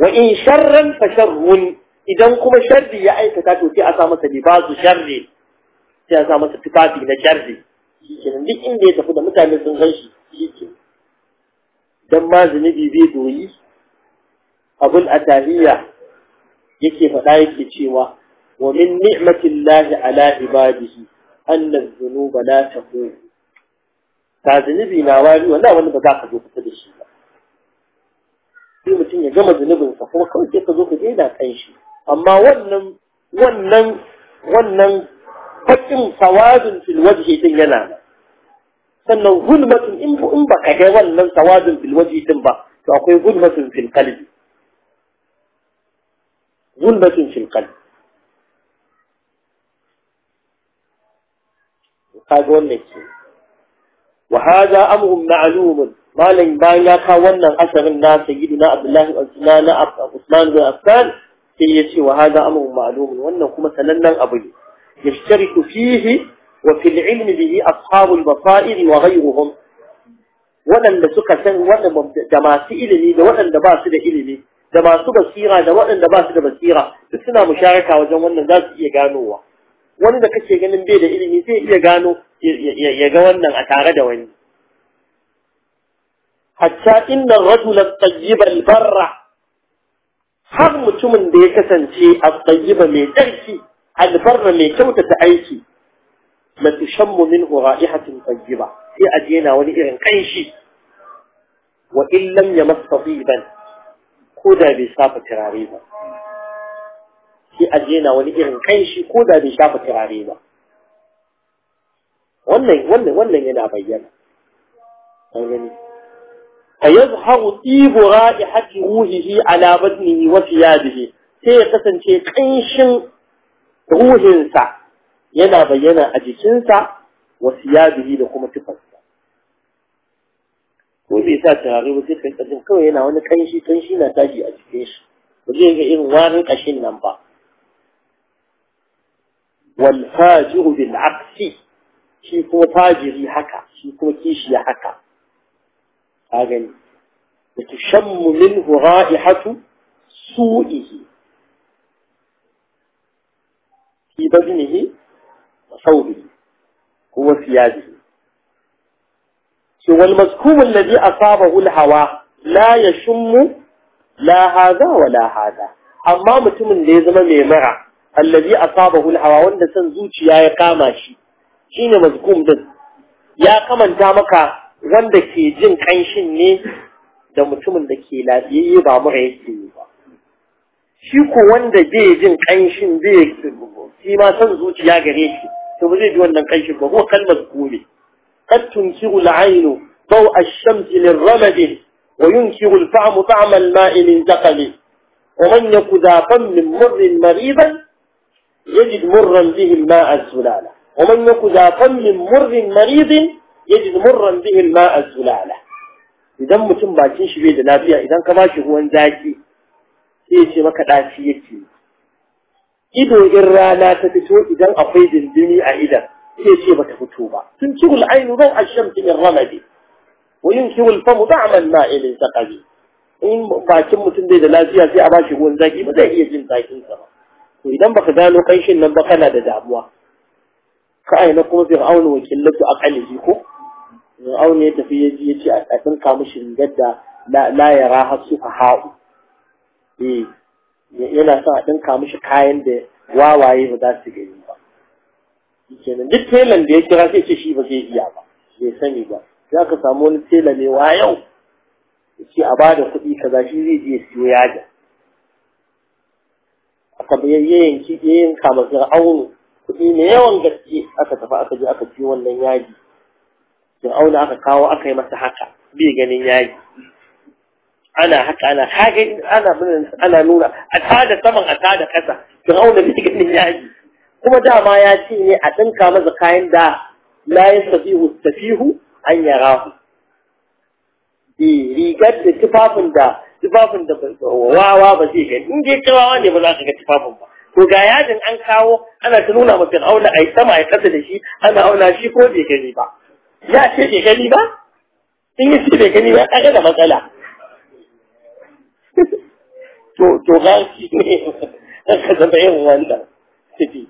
وإن شرا فشر إذا كما شر يأيك تاتو في أتامتا لباس شر في أتامتا صفاف شر لكن لكن لكن لكن لكن لكن لكن لكن dan ma zunubi bai doyi abul atahiyya yake faɗa yake cewa wa min ni'matillahi ala ibadihi anna zunuba la taqul ta zunubi na wani wallahi wanda ba za ka zo kusa da shi ba sai mutum ya gama zunubin sa kuma kawai sai ka zo ka daina kan shi amma wannan wannan wannan fakin sawadun fil wajhi din yana sannan gulmatun in in baka ga wannan tawazun fil waji din ba to akwai gulmatun fil qalbi gulmatun fil qalbi ga wannan ce wa hada amrun ma'lum malam bayan ya kawo wannan asarin na sayyidina abdullahi al-usman na usman bin affan sai ya ce wa hada amrun ma'lum wannan kuma sanannen abu ne yashtariku fihi وفي العلم به أصحاب البصائر وغيرهم ولن لسكة ولن دماس إلمي ولن دماس إلمي دماس بسيرة ولن دماس بسيرة بسنا مشاركة وزن ولن ذات يقانوا ولن ذكت يقانن بيد إلمي فيه يقانوا يقانن أتارد وين حتى إن الرجل الطيب البر هم تمن بيكسن شيء الطيب من أرشي البر من كوتة أرشي ما تشم منه رائحة طيبة في أدينا ولئن قيشي وإن لم يمس طيبا كودا بشافة راريبا في أدينا ولئن قيشي كودا بشافة راريبا ولن ولن ولن ينا بيانا يعني فيظهر طيب رائحة روحه على بدنه وثيابه سيقسم شيء قيش روحه سعر yana bayyana a jikinsa wa siyabihi da kuma tufarsa ko bai sa turare ba sai kai kawai yana wani kanshi kanshi na tashi a jikin shi ba zai ga irin warin kashin nan ba wal fajiru bil aqsi shi kuma fajiri haka shi kuma kishiya haka ka gani Wa tushammu minhu ra'ihatu su'ihi Ki badnihi ثوبه هو ثيابه والمسكوم الذي أصابه الهواء لا يشم لا هذا ولا هذا أما متمن لازم ميمرة الذي أصابه الهواء وأن سنزوتي يا يقاماشي شين مزكوم دن ya kamanta maka wanda ke jin kanshin ne da mutumin da ke lafiyayye ba mura yake ba shi ko wanda bai jin kanshin bai shi ma san zuciya gare shi تبديج وانا قيشك وهو كلمة قولي قد تنسغ العين ضوء الشمس للرمد وينسغ الفعم طعم الماء من زقلي ومن يكذا من مر مريضا يجد مرا به الماء الزلالة ومن يكذا فم مر مريض يجد مرا به الماء الزلالة إذا متم باتنش بيد نبيع إذا كما أن ذاكي يجي مكتاسيتي ido in rana ta fito idan akwai dindini a idan sai ce bata fito ba sun ci ainu bai ashamti min ramadi wa famu da'man ma ila saqabi in bakin mutun bai da lafiya sai a bashi ruwan zaki ba zai iya jin zakin sa ba to idan baka gano kanshin nan ba kana da damuwa ka aina kuma fir'auna wa killatu ji ko fir'auna ya tafi ya ji ya ce a tsinka mishi gadda la la yara hasu fa ha'u eh yana son a ɗinka mishi kayan da wawaye ba za su gani ba kenan duk telan da ya kira sai ce shi ba zai iya ba bai sani ba za ka samu wani tela mai wayau ce a ba da kuɗi kaza shi zai je siyo yaja aka bayayyayen ki yayin kama fir'aunu kuɗi mai yawan gaske aka tafi aka je aka ciyo wannan yaji fir'aunu aka kawo aka yi masa haka bai ganin yaji ana haka ana haka ana bin ana nuna a tada saman a tada kasa auna bai ganin yaji kuma dama ya ce ne a dinka masa kayan da la yasabihu tafihu an yarahu bi e, rigar da tufafin da tufafin da wawa ba zai gani in dai kawawa ne ba za ka ga tufafin ba to ga yajin an kawo ana ta nuna ma fir'auna ai sama a kasa da shi ana auna shi ko bai gani ba ya ce bai gani ba in yi ce bai gani ba kaga da matsala to to ga shi ne ka zama yin wannan ciki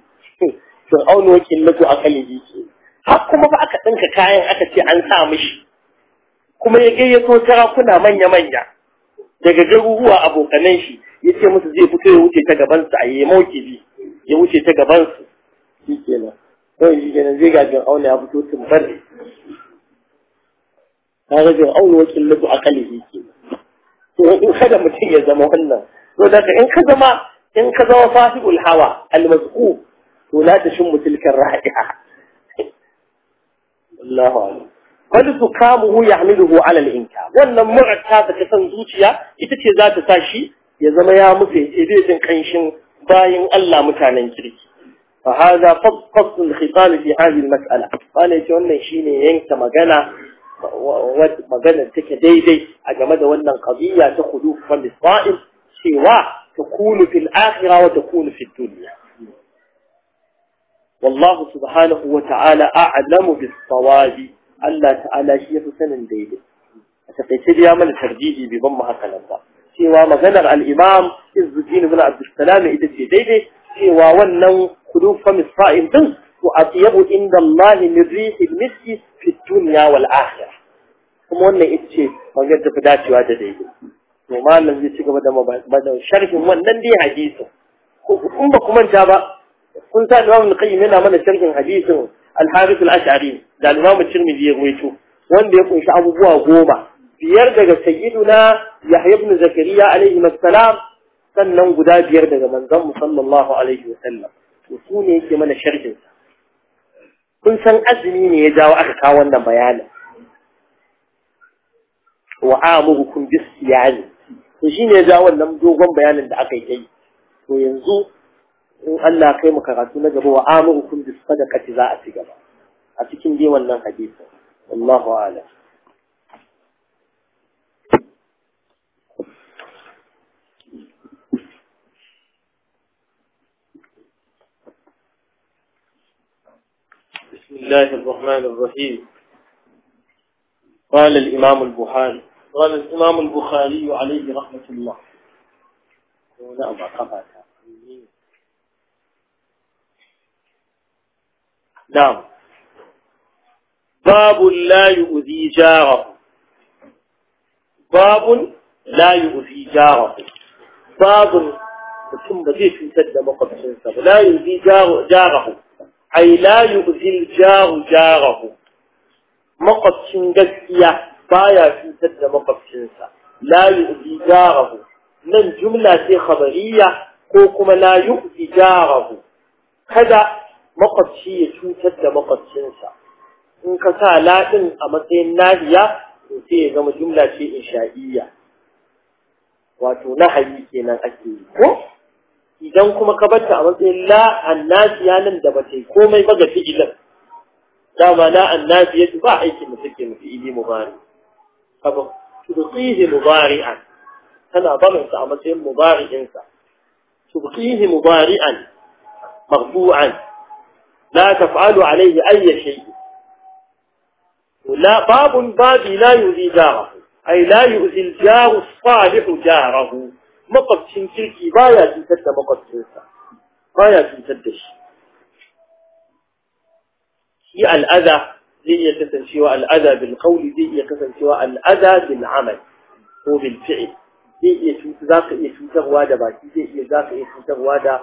to auna wakil lagu a bi ke har kuma ba aka ɗinka kayan aka ce an sa mishi kuma ya gayyato kuna manya-manya daga garuruwa abokanan shi ya ce musu zai fito ya wuce ta gaban su a mauki bi, ya wuce ta su shi kenan kawai shi kenan zai gajin auna ya fito tumbar ta gajin auna wakil lagu a bi kenan kada mutum ya zama wannan to daga in ka zama in ka zama fasihul hawa almazqu to la tashmu tilka ra'iha Allahu akbar wani su kamu hu ya hamiluhu alal inka wannan murar ta ta san zuciya ita ce za ta sa shi ya zama ya mutu ya zai jin kanshin bayan Allah mutanen kirki fa hadha fasl khitam fi hadhihi al mas'ala wannan shine yanka magana maganar take daidai a game da wannan qadiyya ta khuluf fal sa'il cewa takunu fil akhirah wa takunu fid dunya wallahu subhanahu wa ta'ala a'lamu bis sawabi Allah ta'ala shi yafi sanin daidai a takaice da ya mana tarjihi bai ban mu haka nan ba cewa maganar al-imam Izzuddin ibn Abdul Salam ita ce daidai cewa wannan khuluf fal sa'il din وأطيب عند الله من ريح المسك في الدنيا والآخرة kuma wannan ita ce bangar da fi dacewa da daidai to malam zai ci gaba da mabadan sharhin wannan dai hadisin in ba kuma ta ba kun sa Imam Al-Qayyim yana mana sharhin hadisin Al-Harith Al-Ash'ari da Imam Tirmidhi ya rawaito wanda ya kunshi abubuwa goma biyar daga sayyiduna Yahya ibn Zakariya alaihi assalam sannan guda biyar daga manzon mu sallallahu alaihi wasallam to su ne yake mana sharhin sa kun san azumi ne ya jawo aka kawo wannan bayanin wa amurukum bis siyami to shine ya jawo wannan dogon bayanin da aka yi to yanzu in Allah kai mu karatu na gaba wa kun bis sadaqati za a ci gaba a cikin dai wannan hadisi Allahu a'lam الله الرحمن الرحيم قال الإمام البخاري قال الإمام البخاري عليه رحمة الله ولا أبع نعم باب لا يؤذي جاره باب لا يؤذي جاره باب ثم ba يسد cutar لا يؤذي جاره, جاره. أي لا يؤذي الجار جاره مقد قسية بايا في سد شنسا لا يؤذي جاره من جملة خبرية كوكما لا يؤذي جاره كذا مقبشي يتوتد مقبشنسا إن كسا لا إن أمتين ناهية وفي جملة شيء إنشائية وتنهي كنا أكيد idan kuma ka batta a matsayin la annasi ya nan da bace komai ba ga fi'ilan dama la annasi yace ba aikin da take mu fi'ili mubari abu tudqihi mubari'an kana barin sa a matsayin mubari'in sa tudqihi mubari'an marfu'an la taf'alu alayhi ayya shay لا باب باب لا يؤذي جاره أي لا يؤذي الجار الصالح جاره makwabcin kirki ba ya cutar da makwabcinsa ya cutar da shi shi al'aza zai iya kasancewa al'aza bil kauli zai iya kasancewa al'aza bil amal ko bil fi'l zai iya cutar ka iya cutarwa da baki zai iya za ka iya cutarwa da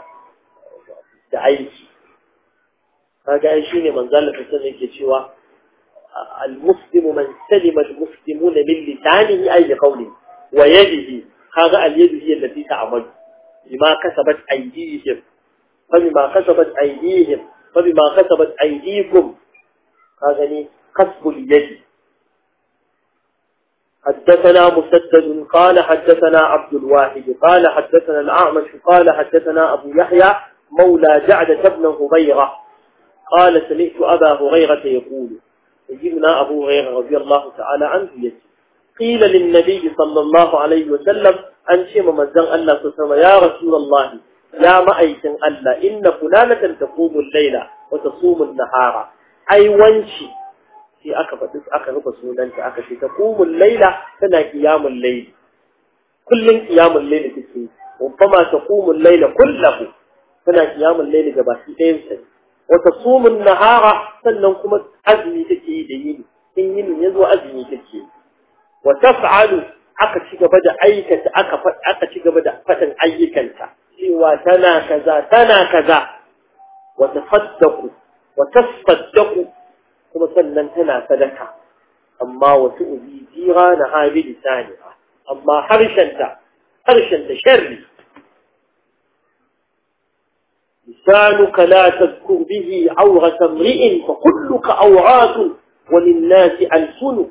da aiki kaga ai shine manzo ne ta sanin yake cewa al-muslimu man salima muslimuna min lisanihi ay bi wa yadihi هذا اليد هي التي تعمل بما كسبت أيديهم فبما كسبت أيديهم فبما كسبت أيديكم هذا لي aydikum اليد حدثنا مسدد قال حدثنا عبد الواحد قال حدثنا الأعمش قال حدثنا أبو يحيى مولى جعدة بن هريرة قال سمعت أبا هريرة يقول سيدنا أبو هريرة رضي الله تعالى عنه يجب qila lin sallallahu alaihi wa sallam an ce ma manzon Allah su sama ya rasulullahi ya ma'aikin Allah inna fulanatan taqumu al-laila wa tasumu an-nahara ai wanci aka rufe sunanta aka ce taqumu al-laila تقوم الليل كله tana kiyamun laili ga baki sa wata sumun nahara sannan kuma azumi take yi da yini in yini ya zo azumi take وتفعل عقد بدا أيك عقف عقد شجبة فتن أيك أنت سوى تنا كذا تنا كذا وتصدق وتصدق ثم سلم تنا فلك أما وتؤذي جيران هذه لسانها أما حرش أنت حرش أنت شر لسانك لا تذكر به عورة امرئ فكلك أوعات وللناس ألسنك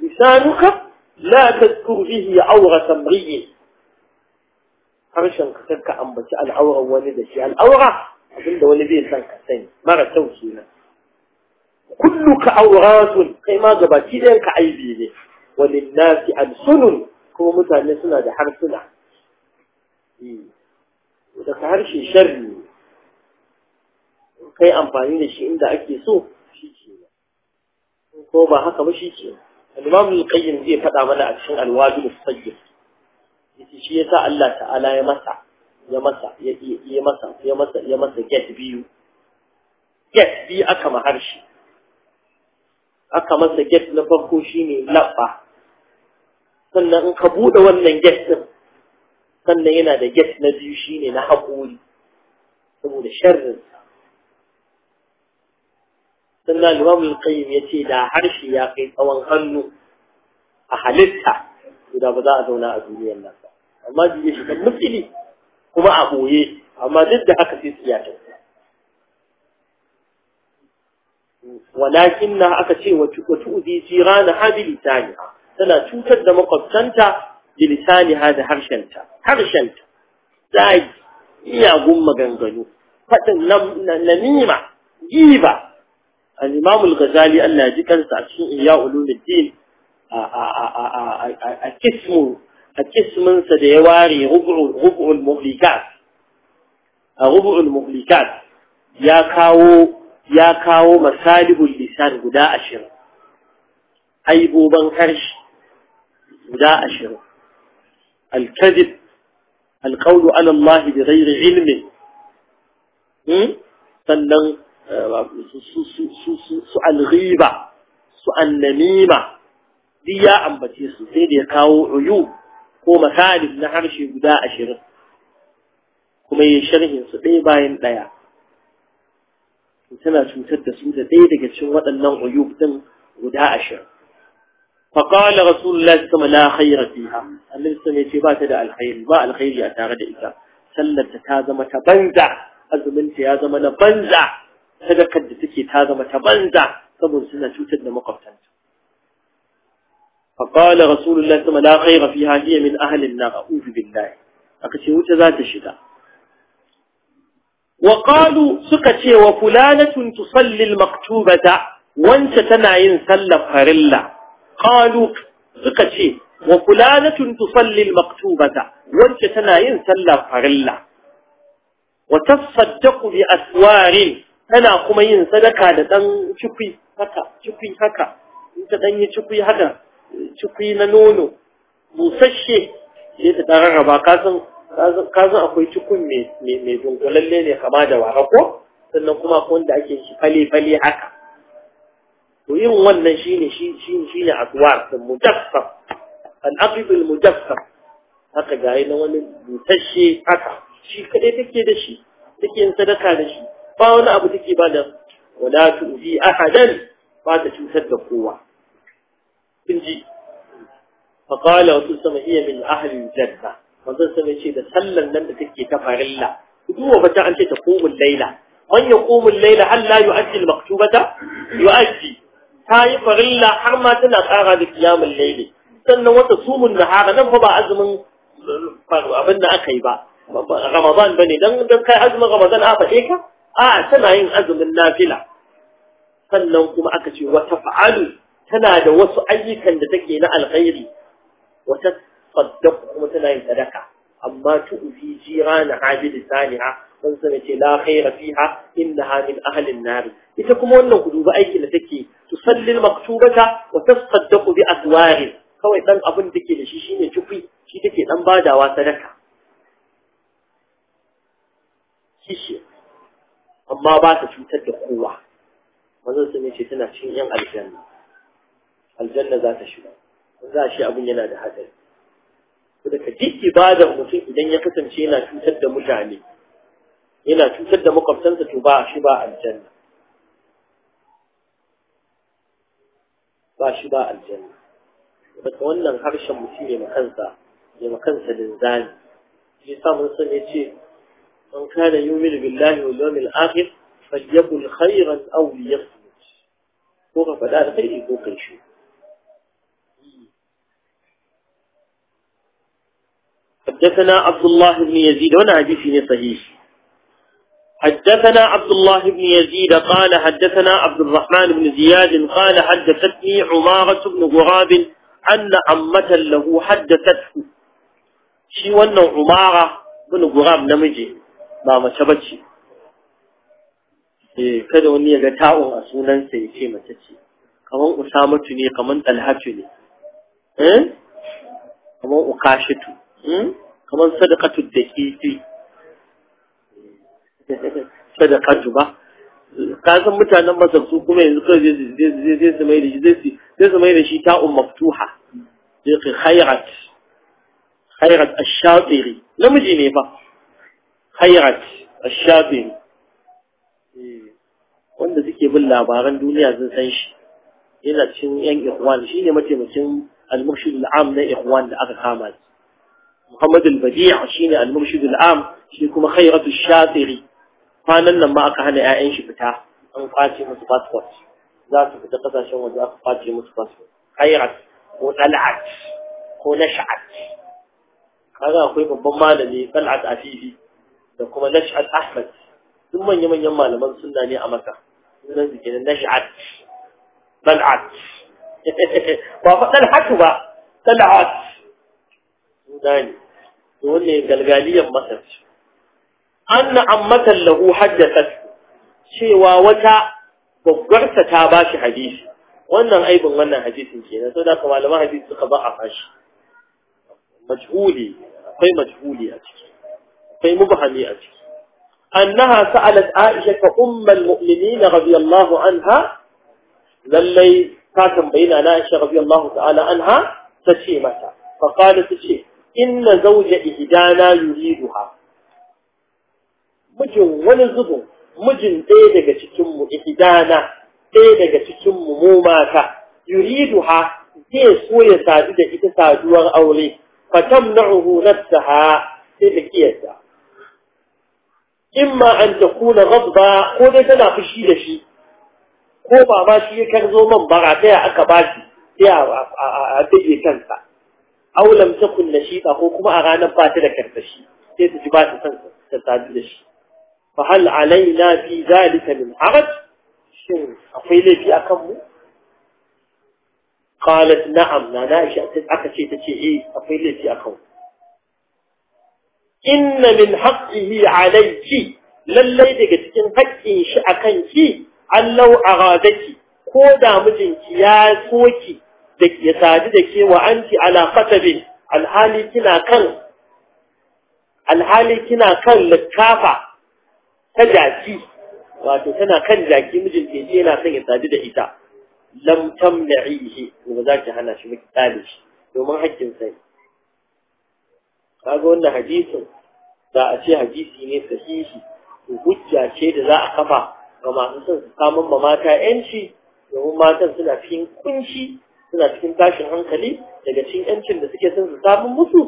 lisanuka la tadkur ya awra samriyin harshen ka kanka ambaci al'aura wani da shi al'aura abinda wani zai san ka sani mara kyau kenan kullu ka auratun kai ma gabaki ɗayan ka aibi ne walin nasi alsunun kuma mutane suna da harsuna daga harshe sharri kai amfani da shi inda ake so ko ba haka ba shi ke al-imam al-qayyim zai faɗa mana a cikin al-wajib as-sayyid yace shi yasa Allah ta'ala ya masa ya masa ya ya masa ya masa ya masa get biyu get biyu aka maharshi aka masa get na farko shine labba sannan in ka bude wannan get din sannan yana da get na biyu shine na haƙuri saboda sharrinsa sannan Imam al-Qayyim ce da harshe ya kai tsawon hannu a halitta da ba za a zauna a duniyar nan ba amma jiye shi kan mutsili kuma a boye amma duk da haka sai tsiya ta walakin na aka ce wa tu'udi jirana habili taniha tana cutar da makwabtanta bilisaniha da harshenta harshenta zagi iyagun maganganu faɗin namima giba al-imam al Allah ya ji kansa a cikin ihya ulumuddin a a da ya ware rubu'ul muhlikat a rubu'ul muhlikat ya kawo ya kawo masalihul lisan guda ashirin aiboban harshe guda ashirin al al-qawlu ala Allah bi ghairi ilmi hmm? sannan سؤال غيبة سؤال نميمة ديا عم بتيس كاو عيوب هو مثال ابن عرش يبدا أشر كما يشره سؤال فقال رسول الله لا خير فيها أمن سميتي الخير ما الخير يأتا غد إذا سلت تازمة بنزع أزمنت يازمنا بنزع هذا قد تكيت هذا zama ta سنة saboda فقال رسول الله صلى الله عليه وسلم لا خير فيها هي من أهل النار أعوذ بالله أكتشي ذات الشتاء وقالوا سكتي وفلانة تصلي المكتوبة وانت تنعين سلف فرلا قالوا سكتي وفلانة تصلي المكتوبة وانت تنعين سلف فرلا وتصدق بأسوار tana kuma yin sadaka da ɗan cikwi haka cikwi haka in ta ɗan yi cikwi haka cikwi na nono busasshe sai ta ɗan rarraba ka san akwai cikun mai dunkulalle ne kama da wara ko sannan kuma akwai wanda ake shi fale fale haka to yin wannan shine shine shine aswar sun mujassam an aqib al haka gayi na wani busasshe haka shi kadai take da shi take yin sadaka da shi ba wani abu take ba da wala tu'zi ahadan ba ta cutar da kowa kin ji fa qala rasul sama hiya min ahli janna manzon sama yace da sallan nan da take ta farilla duwa bata an ce ta qumul laila an yaqumu al-laila hal la yu'addi al-maktubata yu'addi ta yi farilla har ma tana ƙara da kiyamun laili sannan wata sumun nahara nan fa ba azumin abin da aka yi ba ramadan bane dan dan kai azumin ramadan a faɗe ka a'a tana yin azumin nafila sannan kuma aka ce wa taf'alu tana da wasu ayyukan da take na alkhairi wata tasaddaqu kuma tana yin sadaka amma tu'fi jirana hajid saniha dan sana ce la khaira fiha innaha min ahli an-nar ita kuma wannan ku duba aikin da take tusalli al-maktubata wa tasaddaqu bi adwari kawai dan abin da take da shi shine tufi shi take dan badawa sadaka kishi amma ba ta cutar da kowa manzon sun ce tana cin yan aljanna aljanna za ta shiga za a shi abin yana da hatsari da ka duk ibadar mutum idan ya kasance yana cutar da mutane yana cutar da makwabtansa to ba shi ba aljanna ba shi ba aljanna daga wannan harshen mutum ya makansa ya makansa linzani shi sa mun san ya ce من كان يؤمن بالله واليوم الآخر فليقل خيرا أو ليصمت فوق فلا خير فوق شيء حدثنا عبد الله بن يزيد وانا حديثي صحيح حدثنا عبد الله بن يزيد قال حدثنا عبد الرحمن بن زياد قال حدثتني عمارة بن غراب أن عمة له حدثته شي wannan عمارة بن غراب نمجه ba mace ba ce. Eh, kada wani ya ga ta'un a sunansa ya ce mace ce kaman usamatu ne kaman talhatu ne eh kaman ukashitu hmm? kaman sadaqatu daqiqi sadaqatu ba ka san mutanen masar su kuma yanzu kai zai zai zai da shi zai zai zai mai da shi ta'un maftuha zai khairat khairat ash-shatiri namiji ne fa khairat ash-shafi wanda suke bin labaran duniya sun san shi yana cikin yan ikhwan shine mataimakin al-murshid al-am na ikhwan da aka kama shi Muhammad al-Badi' shine al-murshid al-am shi kuma khairat ash-shafiri kwanan nan ma aka hana 'ya'yan shi fita an kwace musu passport za su fita kasashen waje aka kwace musu passport khairat ko dal'at ko nash'at kaga akwai babban malami dal'at afifi da kuma Nash'ad Ahmad duk manya-manyan malaman sunna ne a Makka sunan su kenan Nash'ad Tal'at ba fa Tal'at ba Tal'at sunani to wannan galgaliyan Masar anna ammatan lahu haddathat cewa wata babbarsa ta bashi hadisi wannan aibin wannan hadisin kenan so da malaman hadisi suka ba a fashi majhuli akwai majhuli a ciki في مبهمي أنها سألت عائشة أم المؤمنين رضي الله عنها للي كاتم بين عائشة رضي الله تعالى عنها تشيمة فقالت تشيم إن زوج إهدانا يريدها مجن ونزب مجن تيدك تشم إهدانا تيدك تشم موماتا يريدها زي سوية ya sadu أولي فتمنعه نفسها تيدك fa إما أن تكون غضبا كوني تنا في شيء لشيء كو بابا شيء كنزو من بغاتي أكا باشي يا أبي كنسا أو لم تكن نشيطا كو كما أغانا باتنا كنسشي كيف تجبات سنسا تتعدي لشيء فهل علينا في ذلك من حرج؟ شو أفيلي في أكمو؟ قالت نعم نانا إشي أكا شيء تشيئي أفيلي في أكمو inna min haqqihi alayki lallai daga cikin haƙƙin shi kan ki allau aradaki ko da mijinki ya soki da ya sadu da ke wa anti ala qatabin alhali kina kan alhali kina kan littafa ta jaki wato tana kan jaki mijin ke yana son ya sadu da ita lam tamna'ihi to ba za ki hana shi miki tsali shi domin haƙƙin sai kaga wannan hadisin da a ce hadisi ne sahihi to hujja ce da za a kafa ga masu son samun ma mata yanci domin matan suna cikin kunshi suna cikin tashin hankali daga cikin yancin da suke son su samun musu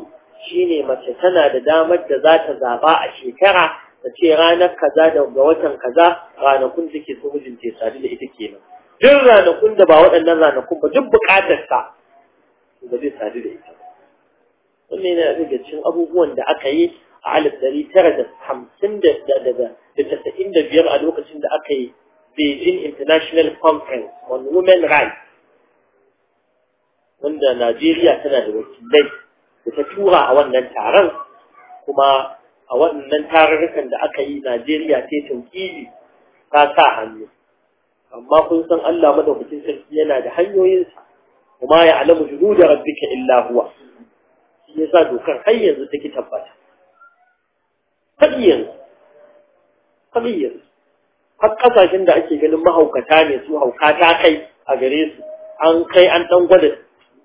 shine mace tana da damar da za ta zaba a shekara ta ce ranar kaza da ga watan kaza ranakun da ke so mijin ya sadu da ita kenan duk ranakun da ba waɗannan ranakun ba duk buƙatar ta ba zai sadu da ita wannan yana daga cikin abubuwan da aka yi alif ɗari tara da hamsin da casa'in da biyar a lokacin da aka yi Beijing International Conference on Women Rights wanda Najeriya tana da wakilai da ta tura a wannan taron kuma a wannan tarurrukan da aka yi Najeriya ta tauƙiri ta sa hannu amma kun san Allah madaukakin sarki yana da hanyoyinsa kuma ya alamu da rabbika illa huwa shi yasa dokar har yanzu take tabbata faɗi yanzu yanzu har ƙasashen da ake ganin mahaukata ne su hauka ta kai a gare su an kai an ɗan gwada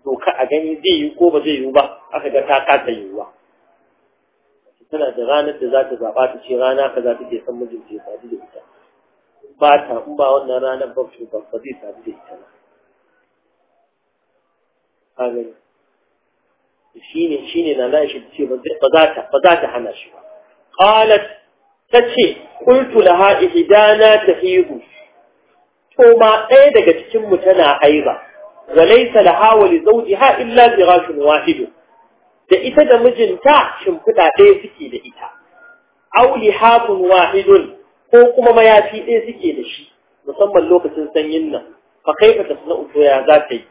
doka a gani zai yi ko ba zai yi ba aka ga ta kasa ba tana da ranar da za ta zaɓa ta ce rana ka za ta ke san mijin ce sadu da ita ba ta in ba wannan ranar ba su ba ba zai sadu da ita ba a gani shi ne shi ne na lashe ce ba za ta hana shi ba qalat tace qultu laha ihdana tahihu to ma ɗaya daga cikin mu tana aiba walaysa laha wa zawjiha illa firashun wahid da ita da mijinta shimfiɗa ɗaya suke da ita aw lihabun wahidun ko kuma mayafi ɗaya suke da shi musamman lokacin sanyin nan fa kaifa tasna'u to ya za ta yi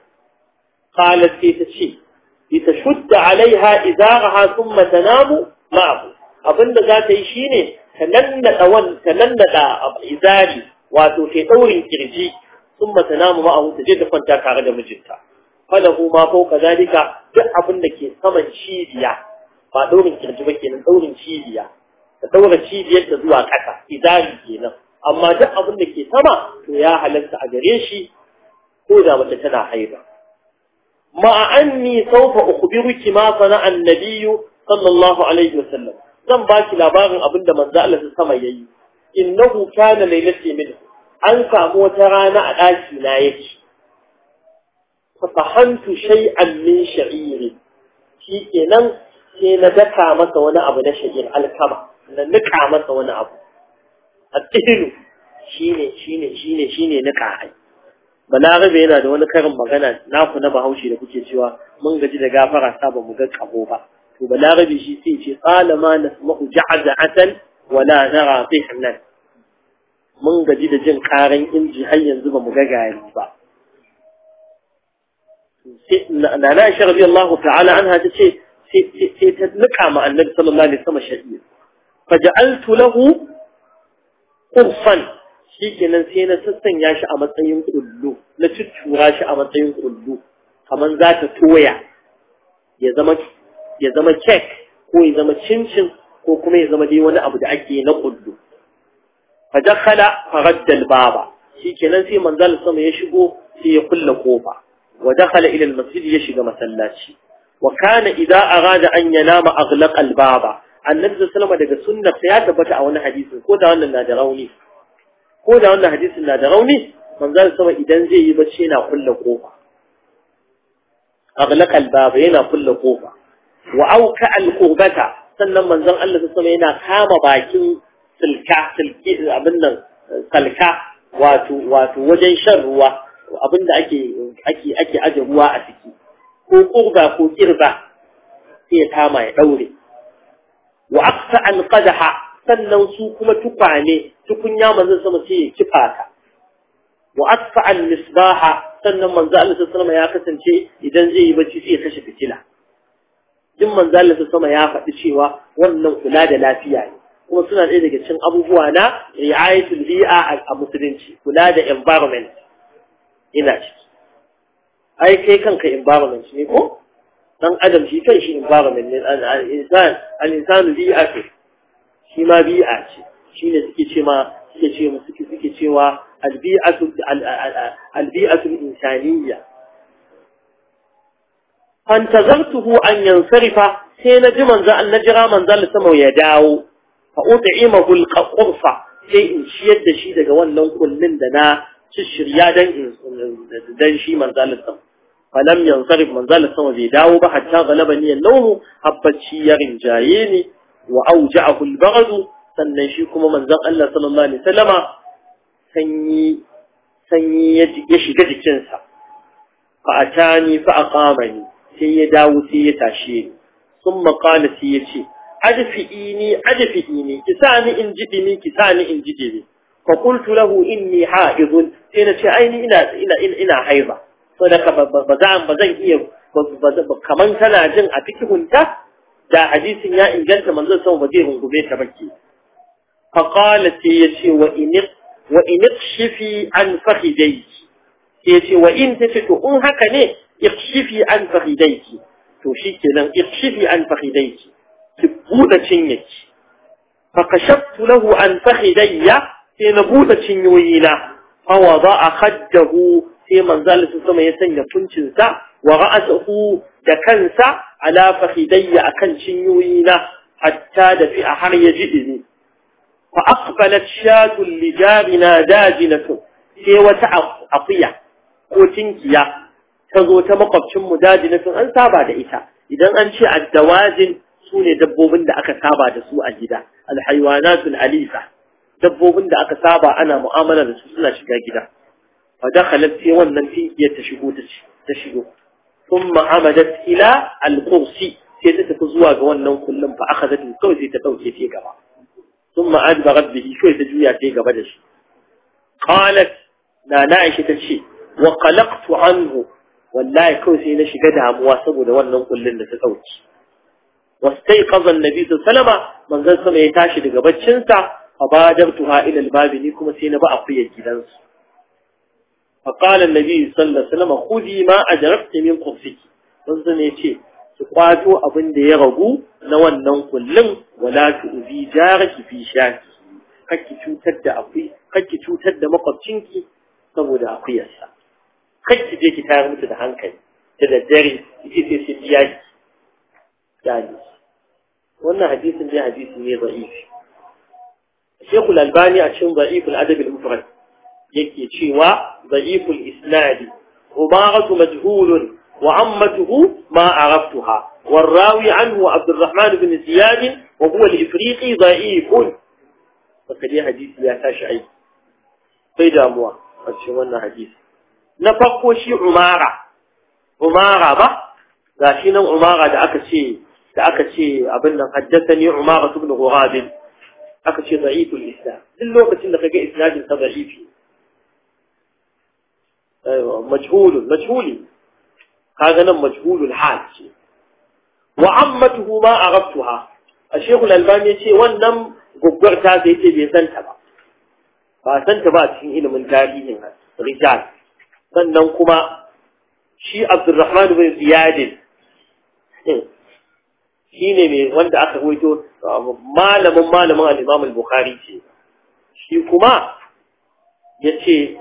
qalat sai ta ce shudda alaiha إزارها ثم تنام معه abinda za ta yi shine ta nannaɗa wan ta nannaɗa izari wato ke ɗaurin kirji sun mata namu a ta je ta kwanta tare da mijinta falahu ma fauka zalika duk abin da ke saman cibiya ba ɗaurin kirji ba kenan ɗaurin cibiya ta ɗaura cibiyar ta zuwa ƙasa izari kenan amma duk abin da ke sama to ya halatta a gare shi ko da mace tana haiba ma'a anni sawfa ukhbiruki ma sana'a an sallallahu alaihi wasallam zan ba ki labarin abin da manzo Allah sama yayi innahu kana laylati min an samu wata rana a daki na yake fa fahantu shay'an min sha'iri shi kenan sai na daka masa wani abu na sha'ir alkama na nika masa wani abu A shine shine shine shine nika ai balarabe yana da wani karin magana naku na bahaushe da kuke cewa mun gaji da gafara sa ba mu ga kabo ba بلاغ بيجي في شيء قال ما نسمق جعزة عسل ولا نرى طحنا من جديد جن قارن إن جهي ينزم مجاجع الإنصاب لا أشار رضي الله تعالى عنها تشي سيتدلك مع النبي صلى الله عليه وسلم الشهير فجعلت له قرصا شيكي ننسينا ستن ياشا أمطيون كله لتتشوراشا أمطيون كله فمن ذات تويا يزمك ya zama kek ko ya zama cincin ko kuma ya zama dai wani abu da ake na kullu fa dakhala fa radda al-baba shikenan sai manzal sama ya shigo sai ya kulla kofa wa dakhala ila al-masjid ya shiga masallaci wa kana idza arada an yanama aghlaqa al-baba annabi sallallahu daga sunnar ya tabbata a wani hadisi ko da wannan na da rauni ko da wannan hadisin na da rauni manzal sama idan zai yi bacci yana kulla kofa aghlaqa al-baba yana kulla kofa wa auka al qubata sannan manzon Allah alaihi sama yana kama bakin silka silki abin nan kalka wato wato wajen shan ruwa abinda ake ake ake aje ruwa a ciki ko qurba ko kirba sai ya kama ya daure wa aqsa an qadaha sannan su kuma tukwane tukunya manzon sama sai ya kifa wa aqsa al misbaha sannan manzon Allah alaihi sama ya kasance idan zai yi bacci sai ya kashe fitila duk manzo Allah sama ya faɗi cewa wannan kula da lafiya ne kuma suna ɗaya daga cikin abubuwa na ri'ayatul bi'a a musulunci kula da environment ina ciki ai kai kanka environment ne ko dan adam shi kan shi environment ne al-insan al-insan bi'a ce shi ma bi'a ce shine suke ce ma suke ce suke cewa al-bi'atu al-bi'atu al-insaniyya فانتظرته أن ينصرف سينجي من ذا النجرى من ذا يداو فأطعمه القرصة شيء شيد شيد قوان لو كل من دنا تشريا دن شي من فلم ينصرف من ذا لسمه يداو حتى غلبني النوم حبتشي يرنجايني وأوجعه البغض sannan shi kuma صلى Allah sallallahu alaihi wasallama sanyi sanyi ya shiga jikinsa fa atani fa aqamani sai ya dawo sai ya tashe sun makala sai ya ce adfi'ini adfi'ini ki sa ni in ji ni ki sa ni in ji dimi fa kultu lahu inni ha'izun sai na ce ai ni ina ina ina haiza sadaka ba za ba zan iya kaman tana jin a fikihunta da hadisin ya inganta manzon sama ba zai rungume ta ke. fa qala sai ya ce wa in wa in shifi an fahidai sai ya ce wa in tace to in haka ne اخشفي عن فخديك توشيك لن اخشفي عن فخديك تبوت تشينك فكشفت له عن فخدي تنبوت تشينوينا فوضع خده في منزل السماء يسنى تنشنسا ورأسه دكنسا على فخدي أكن تشينوينا حتى دفع حري جئني فأقبلت شاة اللجابنا داجنة في وتعطية وتنكية kazo ta makwabcin mu sun an saba da ita idan an ce addawazin sune dabbobin da aka saba da su a gida alhayawanatul alisa dabbobin da aka saba ana mu'amala da su suna shiga gida fa dakhalat sai wannan tinkiyar ta shigo ta ta shigo thumma amadat ila alqursi sai ta tafi zuwa ga wannan kullun fa akhadhat kawai sai ta dauke ta gaba thumma adbarat bihi sai ta juya ta gaba da shi qalat na na aisha tace wa qalaqtu wallahi kawai sai na shiga damuwa saboda wannan kullun da ta dauki wastaiqaza annabi sallama manzon sama ya tashi daga baccin sa fabadartuha ila albabi ni kuma sai na ba akuyar gidansu فقال النبي صلى الله عليه وسلم خذي ما min من manzon ya ce ki kwato abin da ya ragu na wannan kullun wala tu'zi jaraki fi shaki kakki cutar da akui kakki cutar da makwabcinki saboda akuyarsa kan ki je ki tayar musu da hankali da daddare ki ce sai biya ki yani wannan hadisin ne hadisi ne da'ifi Sheikhul Albani a cikin Da'iful Adab al-Mufrad yake cewa Da'iful Isnad Umaratu majhulun wa ammatuhu ma araftuha والراوي عنه عبد الرحمن بن زياد وهو الإفريقي ضعيف فقد حديث لا تشعي في داموا أتشوانا حديث نفقو شي عمارة عمارة با لكن عمارة دا أكسي دا أكسي أبنى حدثني عمارة بن غراب أكسي ضعيف الإسلام للوقة إنك جاء إسناد ضعيف مجهول مجهول هذا مجهول الحال وعمته ما أغبتها الشيخ الألباني يقول وانم قبرتها زيتي بيسنتبا فأسنتبا تشين إلى من تاريه رجال sannan kuma shi Abdulrahman bin Ziyadin hmm, shi ne wanda aka waito um, malamin malamin al-Imam al-Bukhari ce shi kuma yace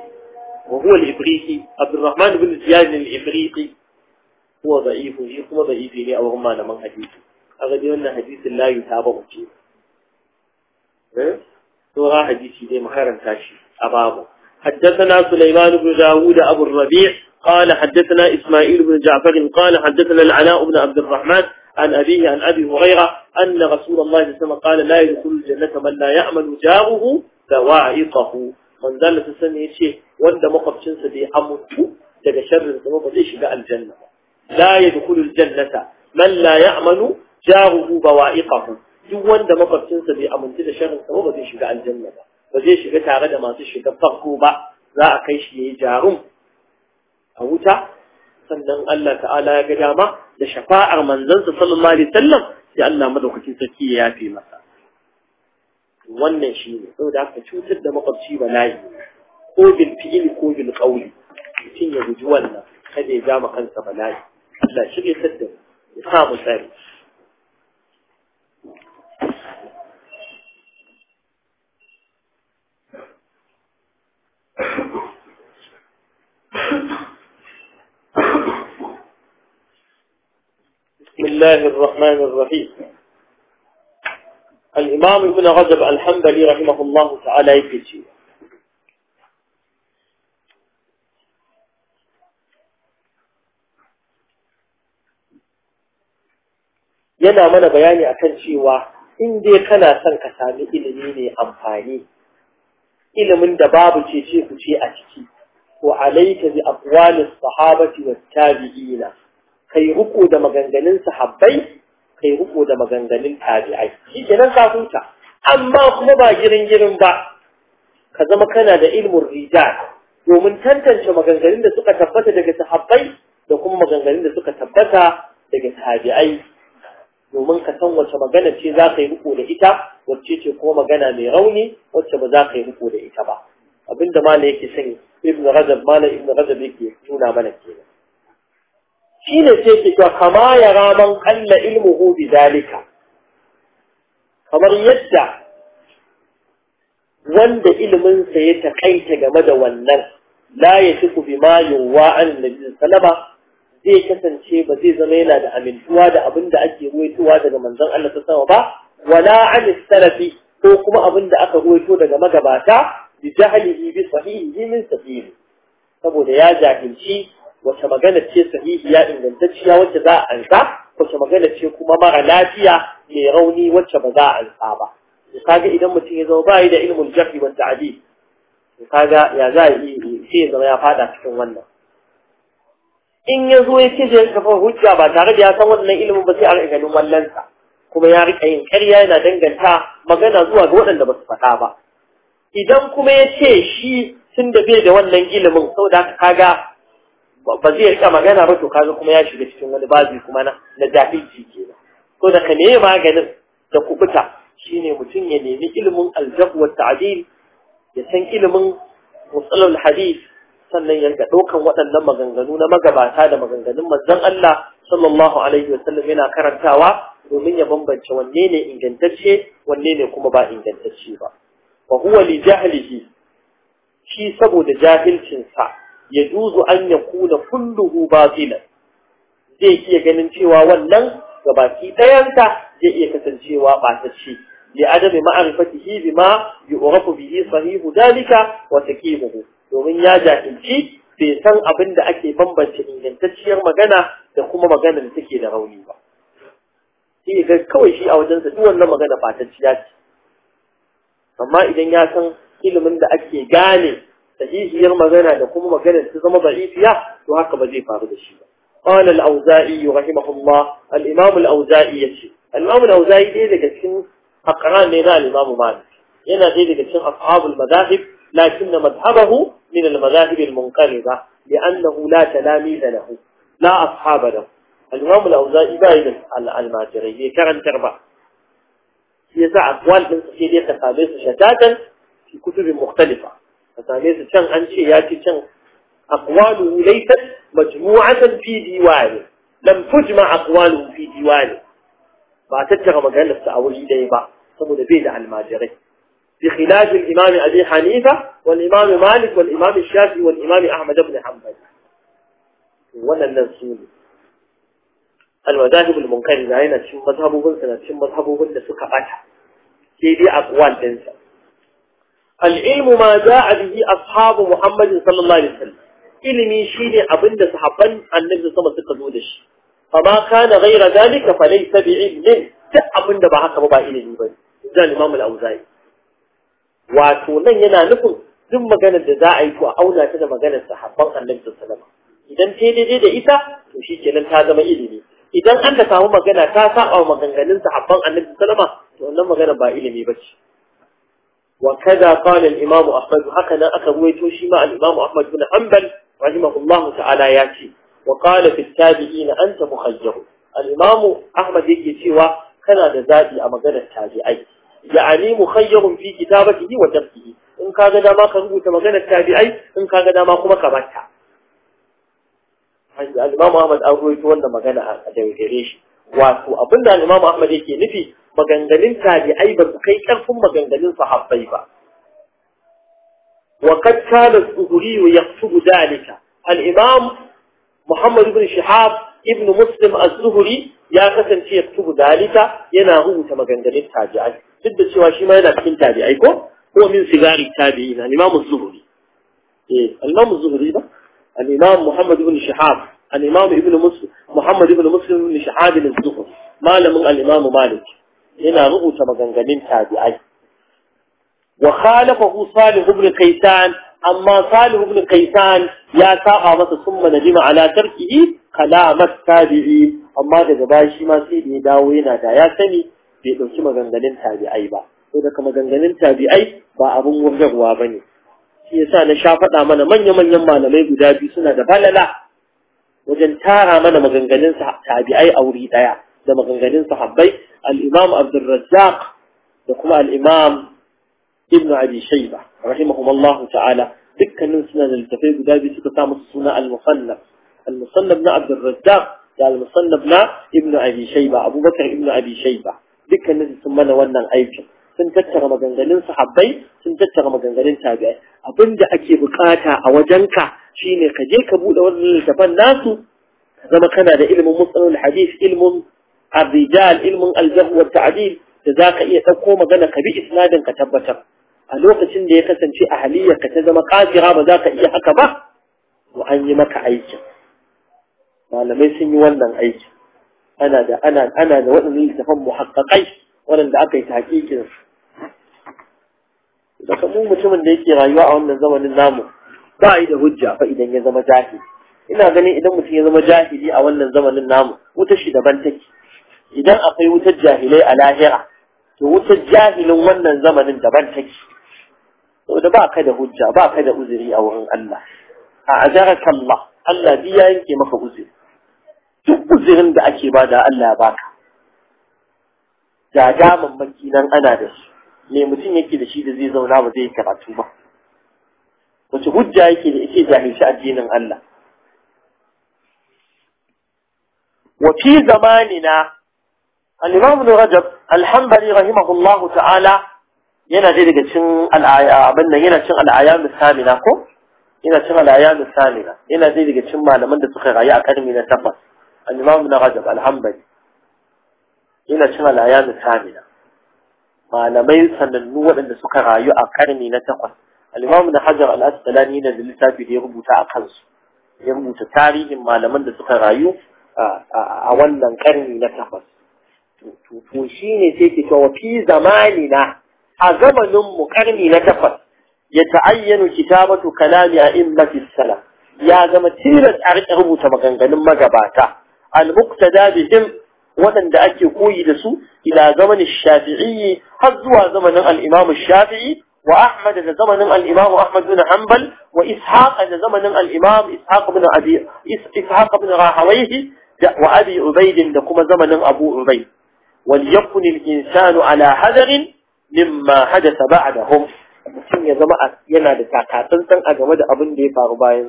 wa huwa al-Ibrisi Abdurrahman bin Ziyad al-Ibrisi huwa da'if shi kuma da'ifi ne a wurin malaman hadisi kaga dai wannan hadisin la yutaba ce eh hmm? to ha hadisi dai karanta shi a babu حدثنا سليمان بن داود أبو الربيع قال حدثنا إسماعيل بن جعفر قال حدثنا العلاء بن عبد الرحمن عن أبيه عن أبي هريرة أن رسول الله صلى الله عليه وسلم قال لا يدخل الجنة من لا يعمل جاره فواعقه من ذلك السنة شيء وانت مقفشن سبي حمده تجشر sharrin zama ba zai shiga aljanna ba la yadkhulul jannata man la ya'malu jaruhu bawa'iqahu duk wanda makwabcinsa ليش بقى الجنة ba zai shiga tare da masu shiga farko ba za a kai shi yayi jarum a wuta sannan Allah ta'ala ya ga dama da shafa'ar manzansa sallallahu alaihi wasallam sai Allah madaukakin sarki ya yafe masa wannan shi ne saboda haka cutar da makwabci bala'i ko bil fi'li ko bil qawli mutum ya guji wannan kada ya jama kansa bala'i Allah shirye da ya sa mu tsari بسم الله الرحمن الرحيم الإمام ابن رجب لله رحمه الله تعالى يكتشي yana mana bayani akan cewa in dai kana son ka sami ilimi ne amfani ilimin da babu ce ce ku ce a ciki wa alayka bi aqwali sahabati wat tabi'ina kai ruku da maganganun sahabbai kai ruku da maganganun tabi'ai shi kenan ka huta amma kuma ba girin girin ba ka zama kana da ilmun rijal domin tantance maganganun da suka tabbata daga sahabbai da kuma maganganun da suka tabbata daga tabi'ai domin ka san wace magana ce za ka yi riko da ita wacce ce kuma magana mai rauni wacce ba za ka yi riko da ita ba abinda mala yake san ibn rajab mala ibn rajab yake tuna mana kenan shine ce ke ga kama ya raman kalla ilmuhu bi dalika kamar yadda wanda iliminsa ya takaita game da wannan la ya shiku bi ma yuwa an nabi sallama zai kasance ba zai zama yana da amintuwa da abin da ake ruwaitowa daga manzon Allah ta sama ba wala an salafi ko kuma abin da aka ruwaito daga magabata bi jahlihi bi sahihi min sahih saboda ya jahilci wace magana ce sahihi ya ingantacciya wacce za a ansa wacce magana ce kuma mara lafiya mai rauni wacce ba za a ansa ba kaga idan mutum ya zama bai da ilmul jarhi wa ta'dil kaga ya za yi sai ya zama ya fada cikin wannan in ya zo ya ce zai kafa hujja ba tare da ya san wannan ilimin ba sai a rika wallansa kuma ya rika yin karya yana danganta magana zuwa ga waɗanda ba su faɗa ba idan kuma ya ce shi tun da bai da wannan ilimin saboda haka kaga ba zai rika magana ba to kaga kuma ya shiga cikin wani babi kuma na na jahilci kenan Ko da ka nemi maganin da kubuta shine mutum ya nemi ilimin aljahu wa ya san ilimin musalul hadith sannan ya dokan waɗannan maganganu na magabata da maganganun manzon Allah sallallahu alaihi wasallam yana karantawa domin ya bambance wanne ne ingantacce wanne ne kuma ba ingantacce ba wa huwa li jahlihi shi saboda jahilcin sa juzu an ya kuna kulluhu batila zai iya ganin cewa wannan gabaki dayanta zai iya kasancewa ɓatacce li adami ma'rifatihi bima yu'rafu bihi sahihu dalika wa taqimuhu domin ya jahilci bai san abin da ake bambance ingantacciyar magana da kuma magana da take da rauni ba shi ga kawai shi a wajen sa duk wannan magana ba ta ciya ce amma idan ya san ilimin da ake gane sahihiyar magana da kuma magana ta zama da'ifiya to haka ba zai faru da shi ba قال الأوزائي رحمه الله الإمام الأوزائي يشي الإمام الأوزائي دي لك تكون أقران لنا الإمام مالك ينا دي لك تكون أصحاب المذاهب لكن مذهبه من المذاهب المنقرضة لأنه لا تلاميذ له لا أصحاب له الإمام الأوزائي باين الماجري كرن تربع ساعة أقوال من سكيلية تقاميس شتاتا في كتب مختلفة تقاميس شن أنشي ياتي شن أقواله ليست مجموعة في ديوانه لم تجمع أقواله في ديوانه ba tattara maganarsa a wuri ɗaya ba saboda bai da بخلاف الإمام أبي حنيفة والإمام مالك والإمام الشافعي والإمام أحمد بن حنبل ولا النزول المذاهب المنكر زعينا شو مذهبه بن سنة شو مذهبه بن سكة في كيدي أقوال تنسى العلم ما جاء به أصحاب محمد صلى الله عليه وسلم إلمي شيني أبن صحبا عن نفس الله عليه وسلم. فما كان غير ذلك فليس بعلم تأبن بحق مباهل المبن زان الإمام الاوزاعي. wato nan yana nufin duk maganar da za a yi ko a auna ta da maganar sahabban annabi sallallahu alaihi idan ta daidai da ita to shi shikenan ta zama ilimi idan an ta samu magana ta saba wa maganganun sahabban annabi sallallahu alaihi to wannan maganar ba ilimi bace wa kaza qala al-imam ahmad haka nan aka ruwaito shi ma Alimamu imam ahmad bin hanbal rahimahullahu ta'ala ya ce wa qala anta mukhayyar Alimamu imam ahmad yake cewa kana da zaɓi a maganar tabi'ai يعني مخير في كتابته وتركه إن كان داما كربوت التابعي إن كان داما كما كبتها الإمام أحمد أرويت وانا مغانا أدوغريش wato abin da Imam Ahmad yake nufi maganganun tabi'ai ba su kai karfin maganganun sahabbai ba wa kad kana az-zuhri yaktubu dalika al-Imam Muhammad Shihab ibn muslim az-zuhri ya kasance ya tubu dalika yana rubuta maganganun tabi'ai duk da cewa shi ma yana cikin tabi'ai ko ko min sigari tabi'i na imam az-zuhri eh al-imam az-zuhri ba al-imam muhammad ibn shihab al-imam ibn muslim muhammad ibn muslim ibn shihab az-zuhri malamin al-imam malik yana rubuta maganganun tabi'ai wa khalafahu salih ibn kaysan amma salih ibn kaysan ya saba masa summa najima ala tarkihi kalamat tabi'i amma daga baya shi ma sai da ya dawo yana da ya sani bai ɗauki maganganun tabi'ai ba to daga maganganun tabi'ai ba abin wurgarwa ba ne shi yasa na sha faɗa mana manya-manyan malamai guda biyu suna da balala wajen tara mana maganganun tabi'ai a wuri ɗaya da maganganun sahabbai al-imam da kuma al'imam imam ibn abi shaiba rahimahumullahu ta'ala dukkanin suna da littafai guda biyu suka sa musu suna al-musannaf المصنف na Abdurrazzaq da al-musannaf na Ibn Abi Shayba Abu Bakar Ibn Abi Shayba dukkanin sun mana wannan aikin sun tattara maganganun sahabbai sun tattara maganganun tabi'ai abinda ake bukata a wajenka shine ka je ka bude wannan littafin nasu ka zama kana da ilimin musalul hadith ilimin ar-rijal ilimin al-jahl wa ta'dil da zaka iya dauko magana ka bi isnadin ka tabbatar a lokacin da ya kasance ahaliyar ka ta zama kafira ba za ka iya haka ba to an yi maka aikin malamai sun yi wannan aiki ana da ana ana da waɗannan littafan muhaqqaqai waɗanda aka yi tahqiqin da daga mutumin da yake rayuwa a wannan zamanin namu ba yi da hujja fa idan ya zama jahili ina ganin idan mutum ya zama jahili a wannan zamanin namu wuta shi daban take idan akwai wutar jahilai a lahira to wutar jahilin wannan zamanin daban take saboda ba ka da hujja ba ka da uzuri a wurin Allah a ajarakallah Allah biya bi ya yanke maka uzuri duk uzurin da ake bada Allah ya baka jaja mamaki nan ana da shi me mutum yake da shi da zai zauna ba zai karatu ba wace hujja وفي زماننا الإمام بن رجب الحنبلي رحمه الله تعالى ينادي لك شن الآية بلنا ينادي الآيام الثامنة كم ينادي الآيام الثامنة ينادي لك شن ما لمن تتخي غياء أكاد من التفاس الإمام بن رجب الحنبلي إلى شنا الأيام الثامنة ما لميس من نوع من السكر يؤكرني نتقص الإمام بن حجر الأسلاني للساب يربو تأقص يربو تتاري ما لمن السكر أولا كرني نتقص توشيني سيكي سوى في زماننا أزمن مكرني نتقص يتعين كتابة كلام أئمة السلام يا زمن تيرت أربو تمكن مجباته المقتدى بهم waɗanda ake koyi da su ila zamanin shafi'i har zuwa zamanin al'imam shafi'i wa ahmad da zamanin al'imam ahmad bin hanbal wa ishaq da zamanin al'imam ishaq bin abi ishaq bin rahawayhi wa abi ubayd da kuma zamanin abu ubayd wal yakun al insanu ala hadarin mimma hadatha ba'dahum mutum ya zama yana da takatsantsan a game da abin da ya faru bayan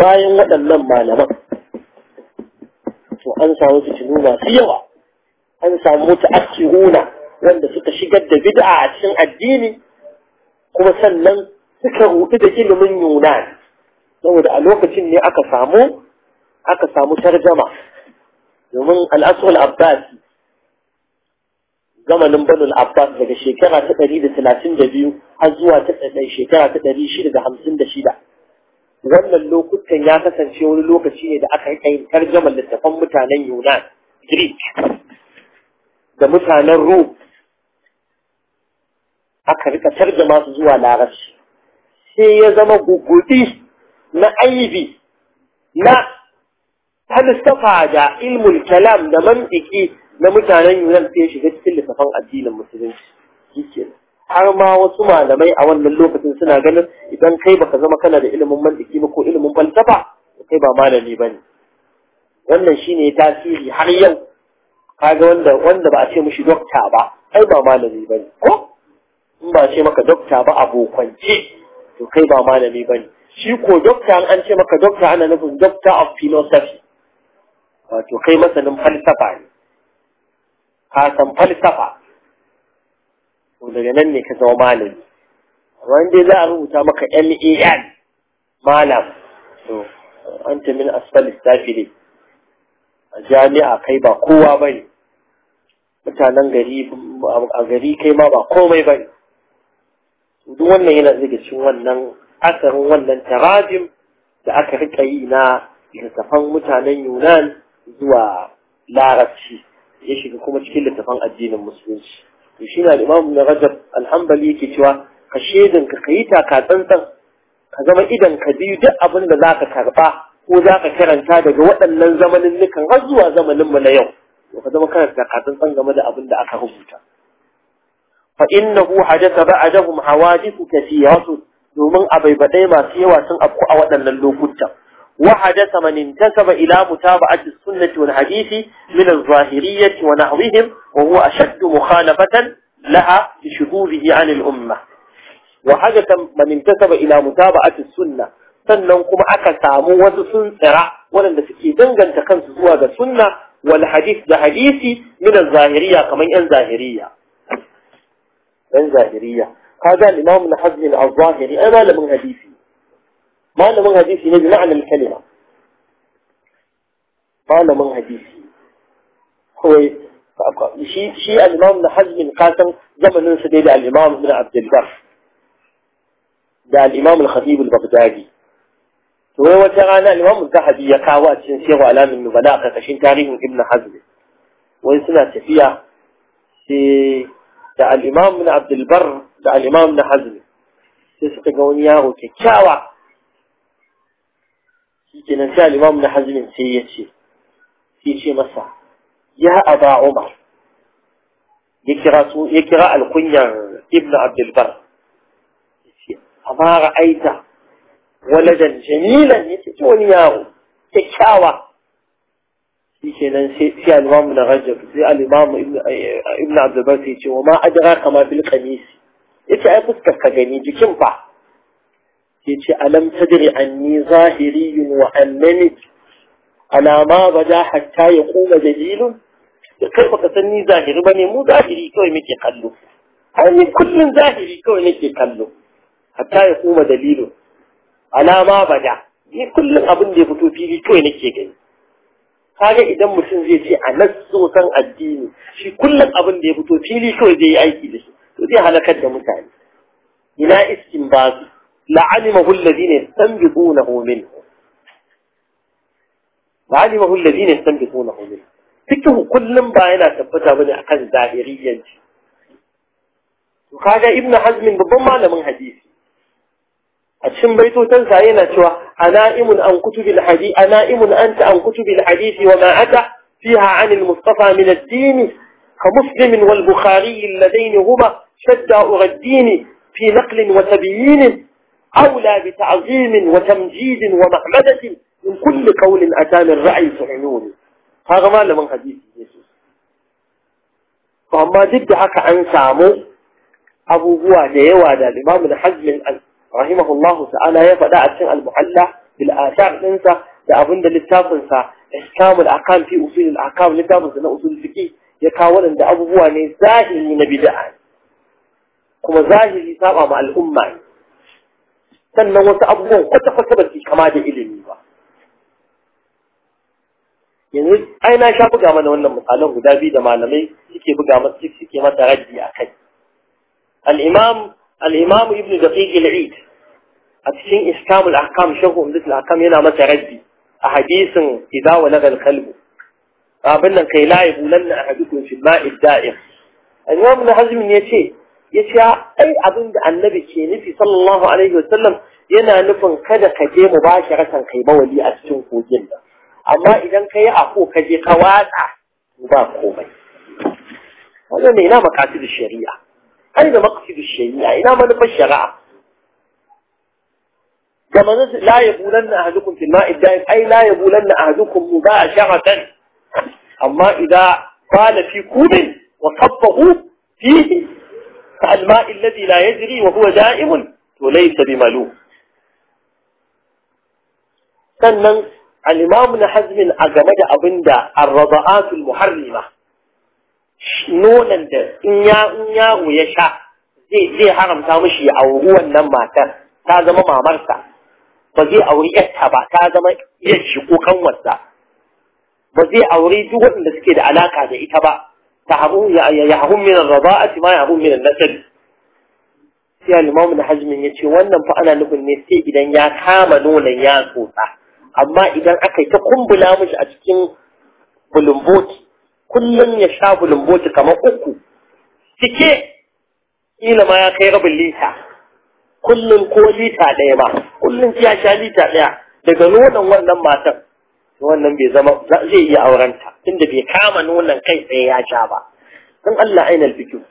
bayan waɗannan malaman to an samu fitinu masu yawa an samu mutaakhiruna wanda suka shigar da bid'a a cikin addini kuma sannan suka rubuta da ilimin yunani saboda a lokacin ne aka samu aka samu tarjuma domin al-Asr al-Abbasi zamanin Banu al-Abbas daga shekara ta 132 har zuwa ta shekara ta 656 wannan lokutan ya kasance wani lokaci ne da aka yi kayin tarjamar littafan mutanen yunan greek da mutanen rome aka rika tarjama su zuwa larabci sai ya zama gugudi na aibi na falsafa da ilmul kalam da mantiki na mutanen yunan sai shiga cikin littafan addinin musulunci har ma wasu malamai a wannan lokacin suna ganin idan kai baka zama kana da ilimin mantiki ba ko ilimin falsafa kai ba malami bane wannan shine tasiri har yau kaga wanda wanda ba a ce mishi dokta ba kai ba malami bane ko in ba a ce maka dokta ba abokance to kai ba malami bane shi ko dokta an ce maka dokta ana nufin doctor of philosophy wato kai masanin falsafa ne ka san falsafa to daga nan ne ka zama malami Wani dai za a rubuta maka mal malam to an ta min asfal istafili a jami'a kai ba kowa ne mutanen gari a gari kai ma ba komai bane duk wannan yana daga cikin wannan asarin wannan tarajim da aka rika yi na littafan mutanen Yunan zuwa larabci ya shiga kuma cikin littafan addinin musulunci يشينا الإمام من غزب الحنبل يكي توا كشيدن كقيتا كاتنطن كزما إذن كديو جاء أبن لذاك كارباء وذاك كران تادق وأن لنزمن لك غزوة زمن لما ليوم وكذا ما كانت كاتنطن غمد أبن لأك غبوتا فإنه حدث بعدهم حوادث كثيرة لمن أبي بديما سيوا سنقع وأن للوكوتا وحدث من انتسب إلى متابعة السنة والحديث من الظاهرية ونحوهم وهو أشد مخالفة لها لشهوره عن الأمة وحاجة من انتسب إلى متابعة السنة سامو أكسامو وزسنسرع ولن تكيدنجا تخنصوا هذا السنة والحديث ده حديثي من الظاهرية كمان الظاهرية من الظاهرية هذا الإمام الحزن الظاهري أنا لمن حديثي ما لمن حديثي نجي معنى الكلمة ما لمن حديثي شيء شيء الإمام بن حزم القاسم زمن ننسى ده الإمام ابن عبد البر ده الإمام الخطيب البغدادي وهو وترانا الإمام الذهبي يقاوى التنسير علام النبلاء قرشين تاريخ ابن حزم وين تفيا في ده الإمام ابن عبد البر ده الإمام ابن حزم تسقى قونياه وكتشاوى يجي الإمام ابن حزم سيئة شيء سيئة شيء مسا يا أبا عمر يقرأ الكنية ابن عبد البر أما رأيت ولدا جميلا يتجوني ياهو تكاوى يشينا في الإمام ابن رجب في الإمام ابن عبد البر يتجو وما أدراك ما بالقميس يتجو أبسك كجني جكم با يتجو ألم تدري أني ظاهري وأنني على ما بدا حتى يقوم دليل da kai baka san ni zahiri ba ne mu zahiri kawai muke kallo ai ni kullum zahiri kawai nake kallo hatta ya kuma dalilu alama bada ni kullum abin da ya fito fili kawai nake gani kaga idan mutum zai ce a so san addini shi kullum abin da ya fito fili kawai zai yi aiki da shi to zai halakar da mutane ina iskin basu la'alimahu alladhina hu minhu la'alimahu alladhina hu fikihu kullum ba yana tabbata bane akan zahiriyanci to kaga ibnu hazmin babban malamin hadisi a cikin baitotan sa yana cewa anaimun an kutubil hadisi anaimun anta an kutubil hadisi wa ma ata fiha an al mustafa min ad din ka muslim wal bukhari alladain huma shadda uraddini fi naql wa tabyin أولى بتعظيم وتمجيد ومحمدة من كل قول أتى من رأي سعنوني هذا ما لمن حديث يسوس فهما جد حكى عن سامو أبو هو جيوى الإمام الحزم رحمه الله تعالى يفدع الشيء المحلى بالآثار ننسى لأبن للتاب ننسى إحكام الأقام في أصول الأقام للتاب ننسى أصول الفكي يكاول أن أبو هو نزاهي من بداء كما زاهي لسابع مع الأمة سنة وتأبوه قد تقتبت كما دي إلي نبا yanzu ai na sha buga mana wannan misalan guda biyu da malamai suke buga masa suke masa raddi a kai al-imam al-imam ibn daqiq al-eid a cikin iskamul ahkam shahu umdat al-ahkam yana masa raddi a hadisin idza walaga al-qalb abin nan kai la yabulanna ahadukum fi ma'id da'ir al-imam ibn hazm ne yace yace ai abin da annabi ke nufi sallallahu alaihi wasallam yana nufin kada ka je mubasharatan kai bawali a cikin kogin nan amma idan ka yi ako ka je ka watsa ba komai wannan ne ina makasidu shari'a ai da makasidu shari'a ina manufar shari'a كما لا يبولن أهلكم في الماء الدائم أي لا يبولن أهلكم مباشرة أما إذا قال في كود وصبه فيه فالماء الذي لا يجري وهو دائم وليس بملوم sannan الإمام نحزم الأجمع أبندا الرضاعات المحرمة نون الد إنيا إنيا ويشا زي زي حرم تامشي أو هو النماذج هذا ما مارسا بزي أوري إتبع هذا ما يشوك كم وصل بزي أوري جوا نسكت على كذا إتبع تهون يا يا يهون من الرضاعة ما يهون من النسل يا الإمام نحزم يشوان فأنا نقول نسي إذا يا كام نون amma idan aka yi ta kumbula mishi a cikin bulumboti kullum ya sha bulumboti kamar uku cike kila ma ya kai rabin lita kullum ko lita ɗaya ba kullum ya sha lita ɗaya daga nonon wannan matan wannan bai zama zai iya aurenta tunda bai kama nonon kai tsaye ya sha ba don Allah ainihin fikiyu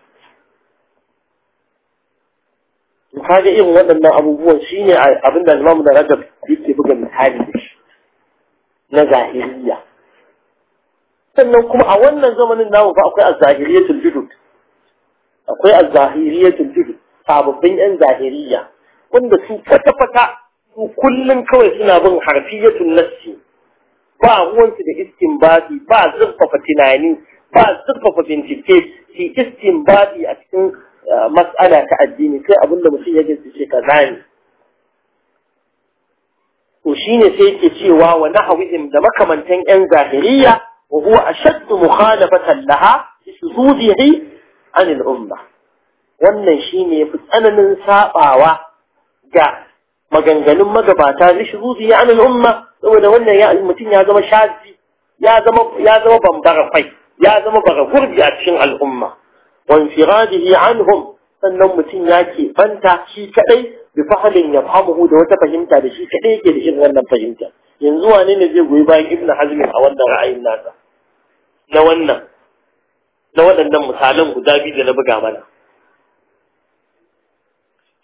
ga irin waɗannan abubuwan shine abin da Imam da Rajab yake buga misali da na zahiriya sannan kuma a wannan zamanin namu fa akwai az-zahiriyatul judud akwai az-zahiriyatul judud sababbin yan zahiriya wanda su kwata-kwata su kullum kawai suna bin harfiyatun nassi ba ruwansu da istinbadi ba zurfafa tunani ba zurfafa bincike shi istinbadi a cikin mas'ala ta addini sai abinda mutum ya gaske kaza ne to shine sai yake cewa wa nahwihim da makamantan yan zahiriya wa huwa ashadd mukhalafatan laha bisududihi an al-umma wannan shine yafi tsananin sabawa ga maganganun magabata bisududihi an al-umma saboda wannan ya mutum ya zama shazi ya zama ya zama bambara kai ya zama baga gurbi a cikin al'umma wa infiradihi anhum sannan mutum ya ke banta shi kadai bi fahalin yafhamuhu da wata fahimta da shi kaɗai yake da irin wannan fahimta yanzu wane ne zai goyi bayan ibnu hazmin a wannan ra'ayin nasa na wannan na waɗannan misalan guda biyu da na buga mana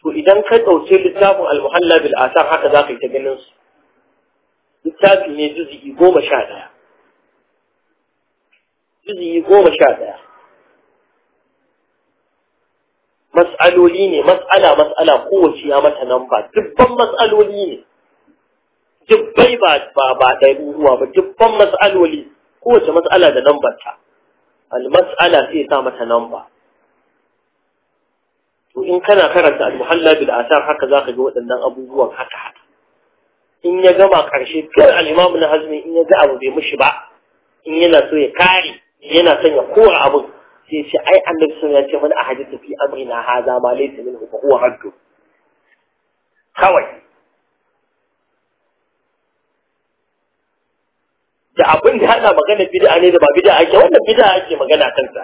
to idan ka ɗauke littafin al-muhalla bil asar haka za ka yi ta ganin su littafi ne juzi'i goma sha ɗaya goma sha ɗaya mas'aloli ne mas'ala mas'ala kowace ya mata namba dubban mas'aloli ne dubbai ba ba ba ruwa ba dubban mas'aloli kowace mas'ala da nambar ta al-mas'ala sai sa mata namba to in kana karanta al-muhalla bil asar haka zaka ga waɗannan abubuwan haka haka in ya gama karshe kar al imamu na hazmi in ya ga abu bai mishi ba in yana so ya kare yana son ya kora abin sai ce ai annabi sun ya ce mana a hadisi fi amrina haza ma laysa minhu fa huwa raddu kawai da abin da hada magana bid'a ne da ba bid'a ake wannan bid'a ake magana kansa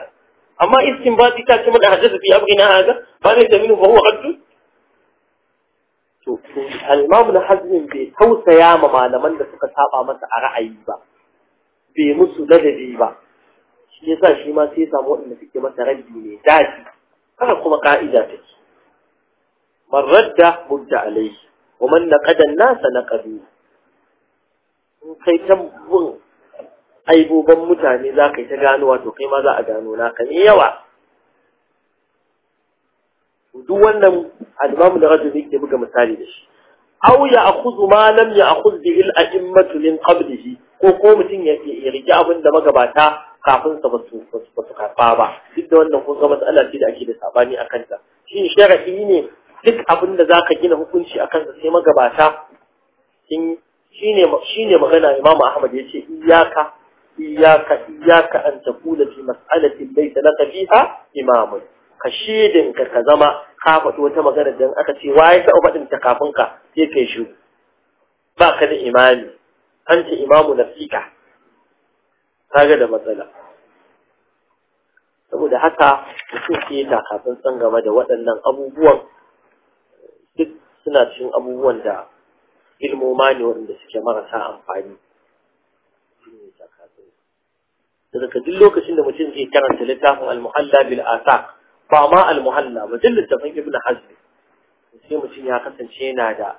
amma istinbati ta ce mana hadisi fi amrina haza ba laysa minhu fa huwa raddu to al-imam al-hazm bai tausaya ma malaman da suka saba masa a ra'ayi ba bai musu ladabi ba shi yasa shi ma sai ya samu waɗanda suke masa raddi mai daɗi haka kuma ka'ida take man radda mudda alaihi wa man naqada an-nasa naqadu in kai ta bin aiboban mutane za ka yi ta gano to kai ma za a gano naka ne yawa duk wannan al-imamu da rajul yake buga misali da shi aw ya akhudhu ma lam ya akhudh bihi al-a'immatu min qablihi ko ko mutun ya rike abin da magabata kafin sa ba su karfa ba duk da wannan kun ga matsala ce da ake da sabani a kanta shi shara'i ne duk abin da za ka gina hukunci a kansa sai magabata Shi shine magana Imam Ahmad ya iyaka iyaka iyaka an kula fi mas'alatin laysa laka fiha imamun ka shedin ka ka zama ka faɗi wata magana dan aka ce waye ta faɗin ta kafin ka sai kai shi ba ka da imani. imami anta imamu nafika kaga da matsala saboda haka mutum ke san game da waɗannan abubuwan duk suna cikin abubuwan da ilmoma ne waɗanda suke marasa amfani daga duk lokacin da mutum zai karanta littafin al-muhalla bil asaq ba ma al-muhalla ba duk littafin ibnu hazm sai mutum ya kasance yana da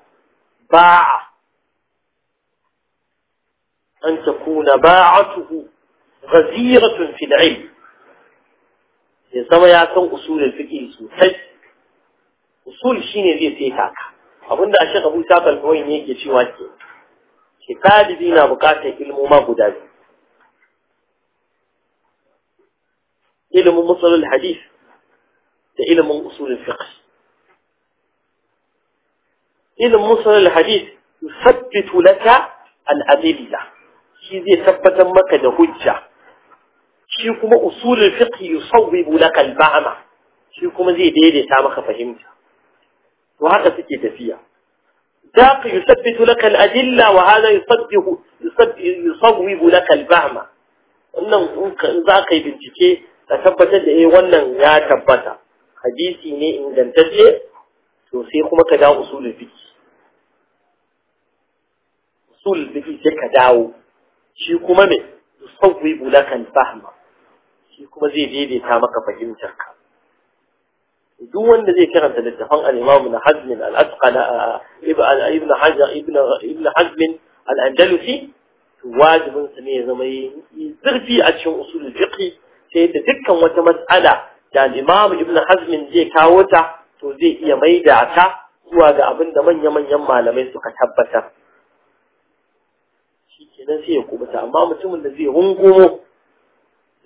ba'a an takuna ba'atuhu غزيرة في العلم يسمي عن أصول الفكر سوحج أصول الشيني ذي تيكاك أبونا الشيخ أبو سعطة الكوين يجي في واجه كتاب دينا بقاته علم ما بداد علم مصر الحديث علم أصول الفقه علم مصر الحديث يثبت لك الأدلة شيء يثبت مكة هجة shi kuma usulul fiqh yusawwibu laka al-ba'ma shi kuma zai daidaita maka fahimta to haka suke tafiya daq yusabbitu laka al-adilla wa hada yusaddiqu yusawwibu laka al-ba'ma wannan in za ka yi bincike ka tabbatar da eh wannan ya tabbata hadisi ne ingantacce to sai kuma ka dawo usulul fiqh usulul fiqh sai ka dawo shi kuma me yusawwibu laka al-fahma shi kuma zai daidaita maka fahimtar ka duk wanda zai karanta littafin al-Imam Ibn Hazm al-Asqala Ibn Hajar Ibn Ibn Hazm al-Andalusi wajibin sa ne ya zama yi zurfi a cikin usulul fiqh sai da dukkan wata mas'ala da al-Imam Ibn Hazm zai kawo ta to zai iya maida ta zuwa ga abinda da manya-manyan malamai suka tabbatar shi kenan sai ya kubuta amma mutumin da zai rungumo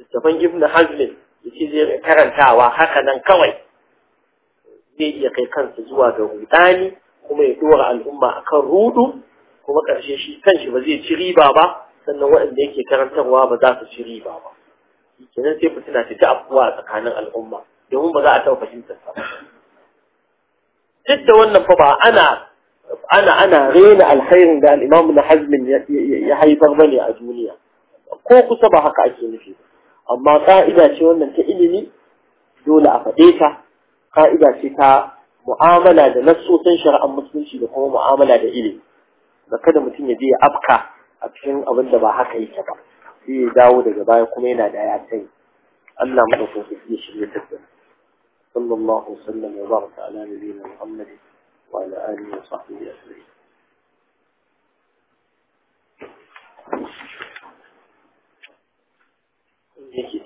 littafan ibn hazmin da ce zai karantawa haka nan kawai zai iya kai kansa zuwa ga rudani kuma ya dora al'umma akan rudu kuma ƙarshe shi kanshi ba zai ci riba ba sannan waɗanda yake karantarwa ba za su ci riba ba kenan sai fitina ta ci afuwa a tsakanin al'umma domin ba za a taɓa fahimtar sa duk da wannan fa ba ana ana ana rena alkhairin da al-Imam Ibn Hazm ya haifar bane a duniya ko kusa ba haka ake nufi ba amma ka'ida ce wannan ta ilimi dole a faɗe ta ka'ida ce ta mu'amala da nassosin shari'ar musulunci da kuma mu'amala da ilimi da kada mutum ya je ya afka a cikin abin da ba haka yake ba sai ya dawo daga baya kuma yana da ya sai Allah mu dauko su ya shirye ta sallallahu sallam wa baraka ala nabiyina Muhammad wa ala alihi wa sahbihi ajma'in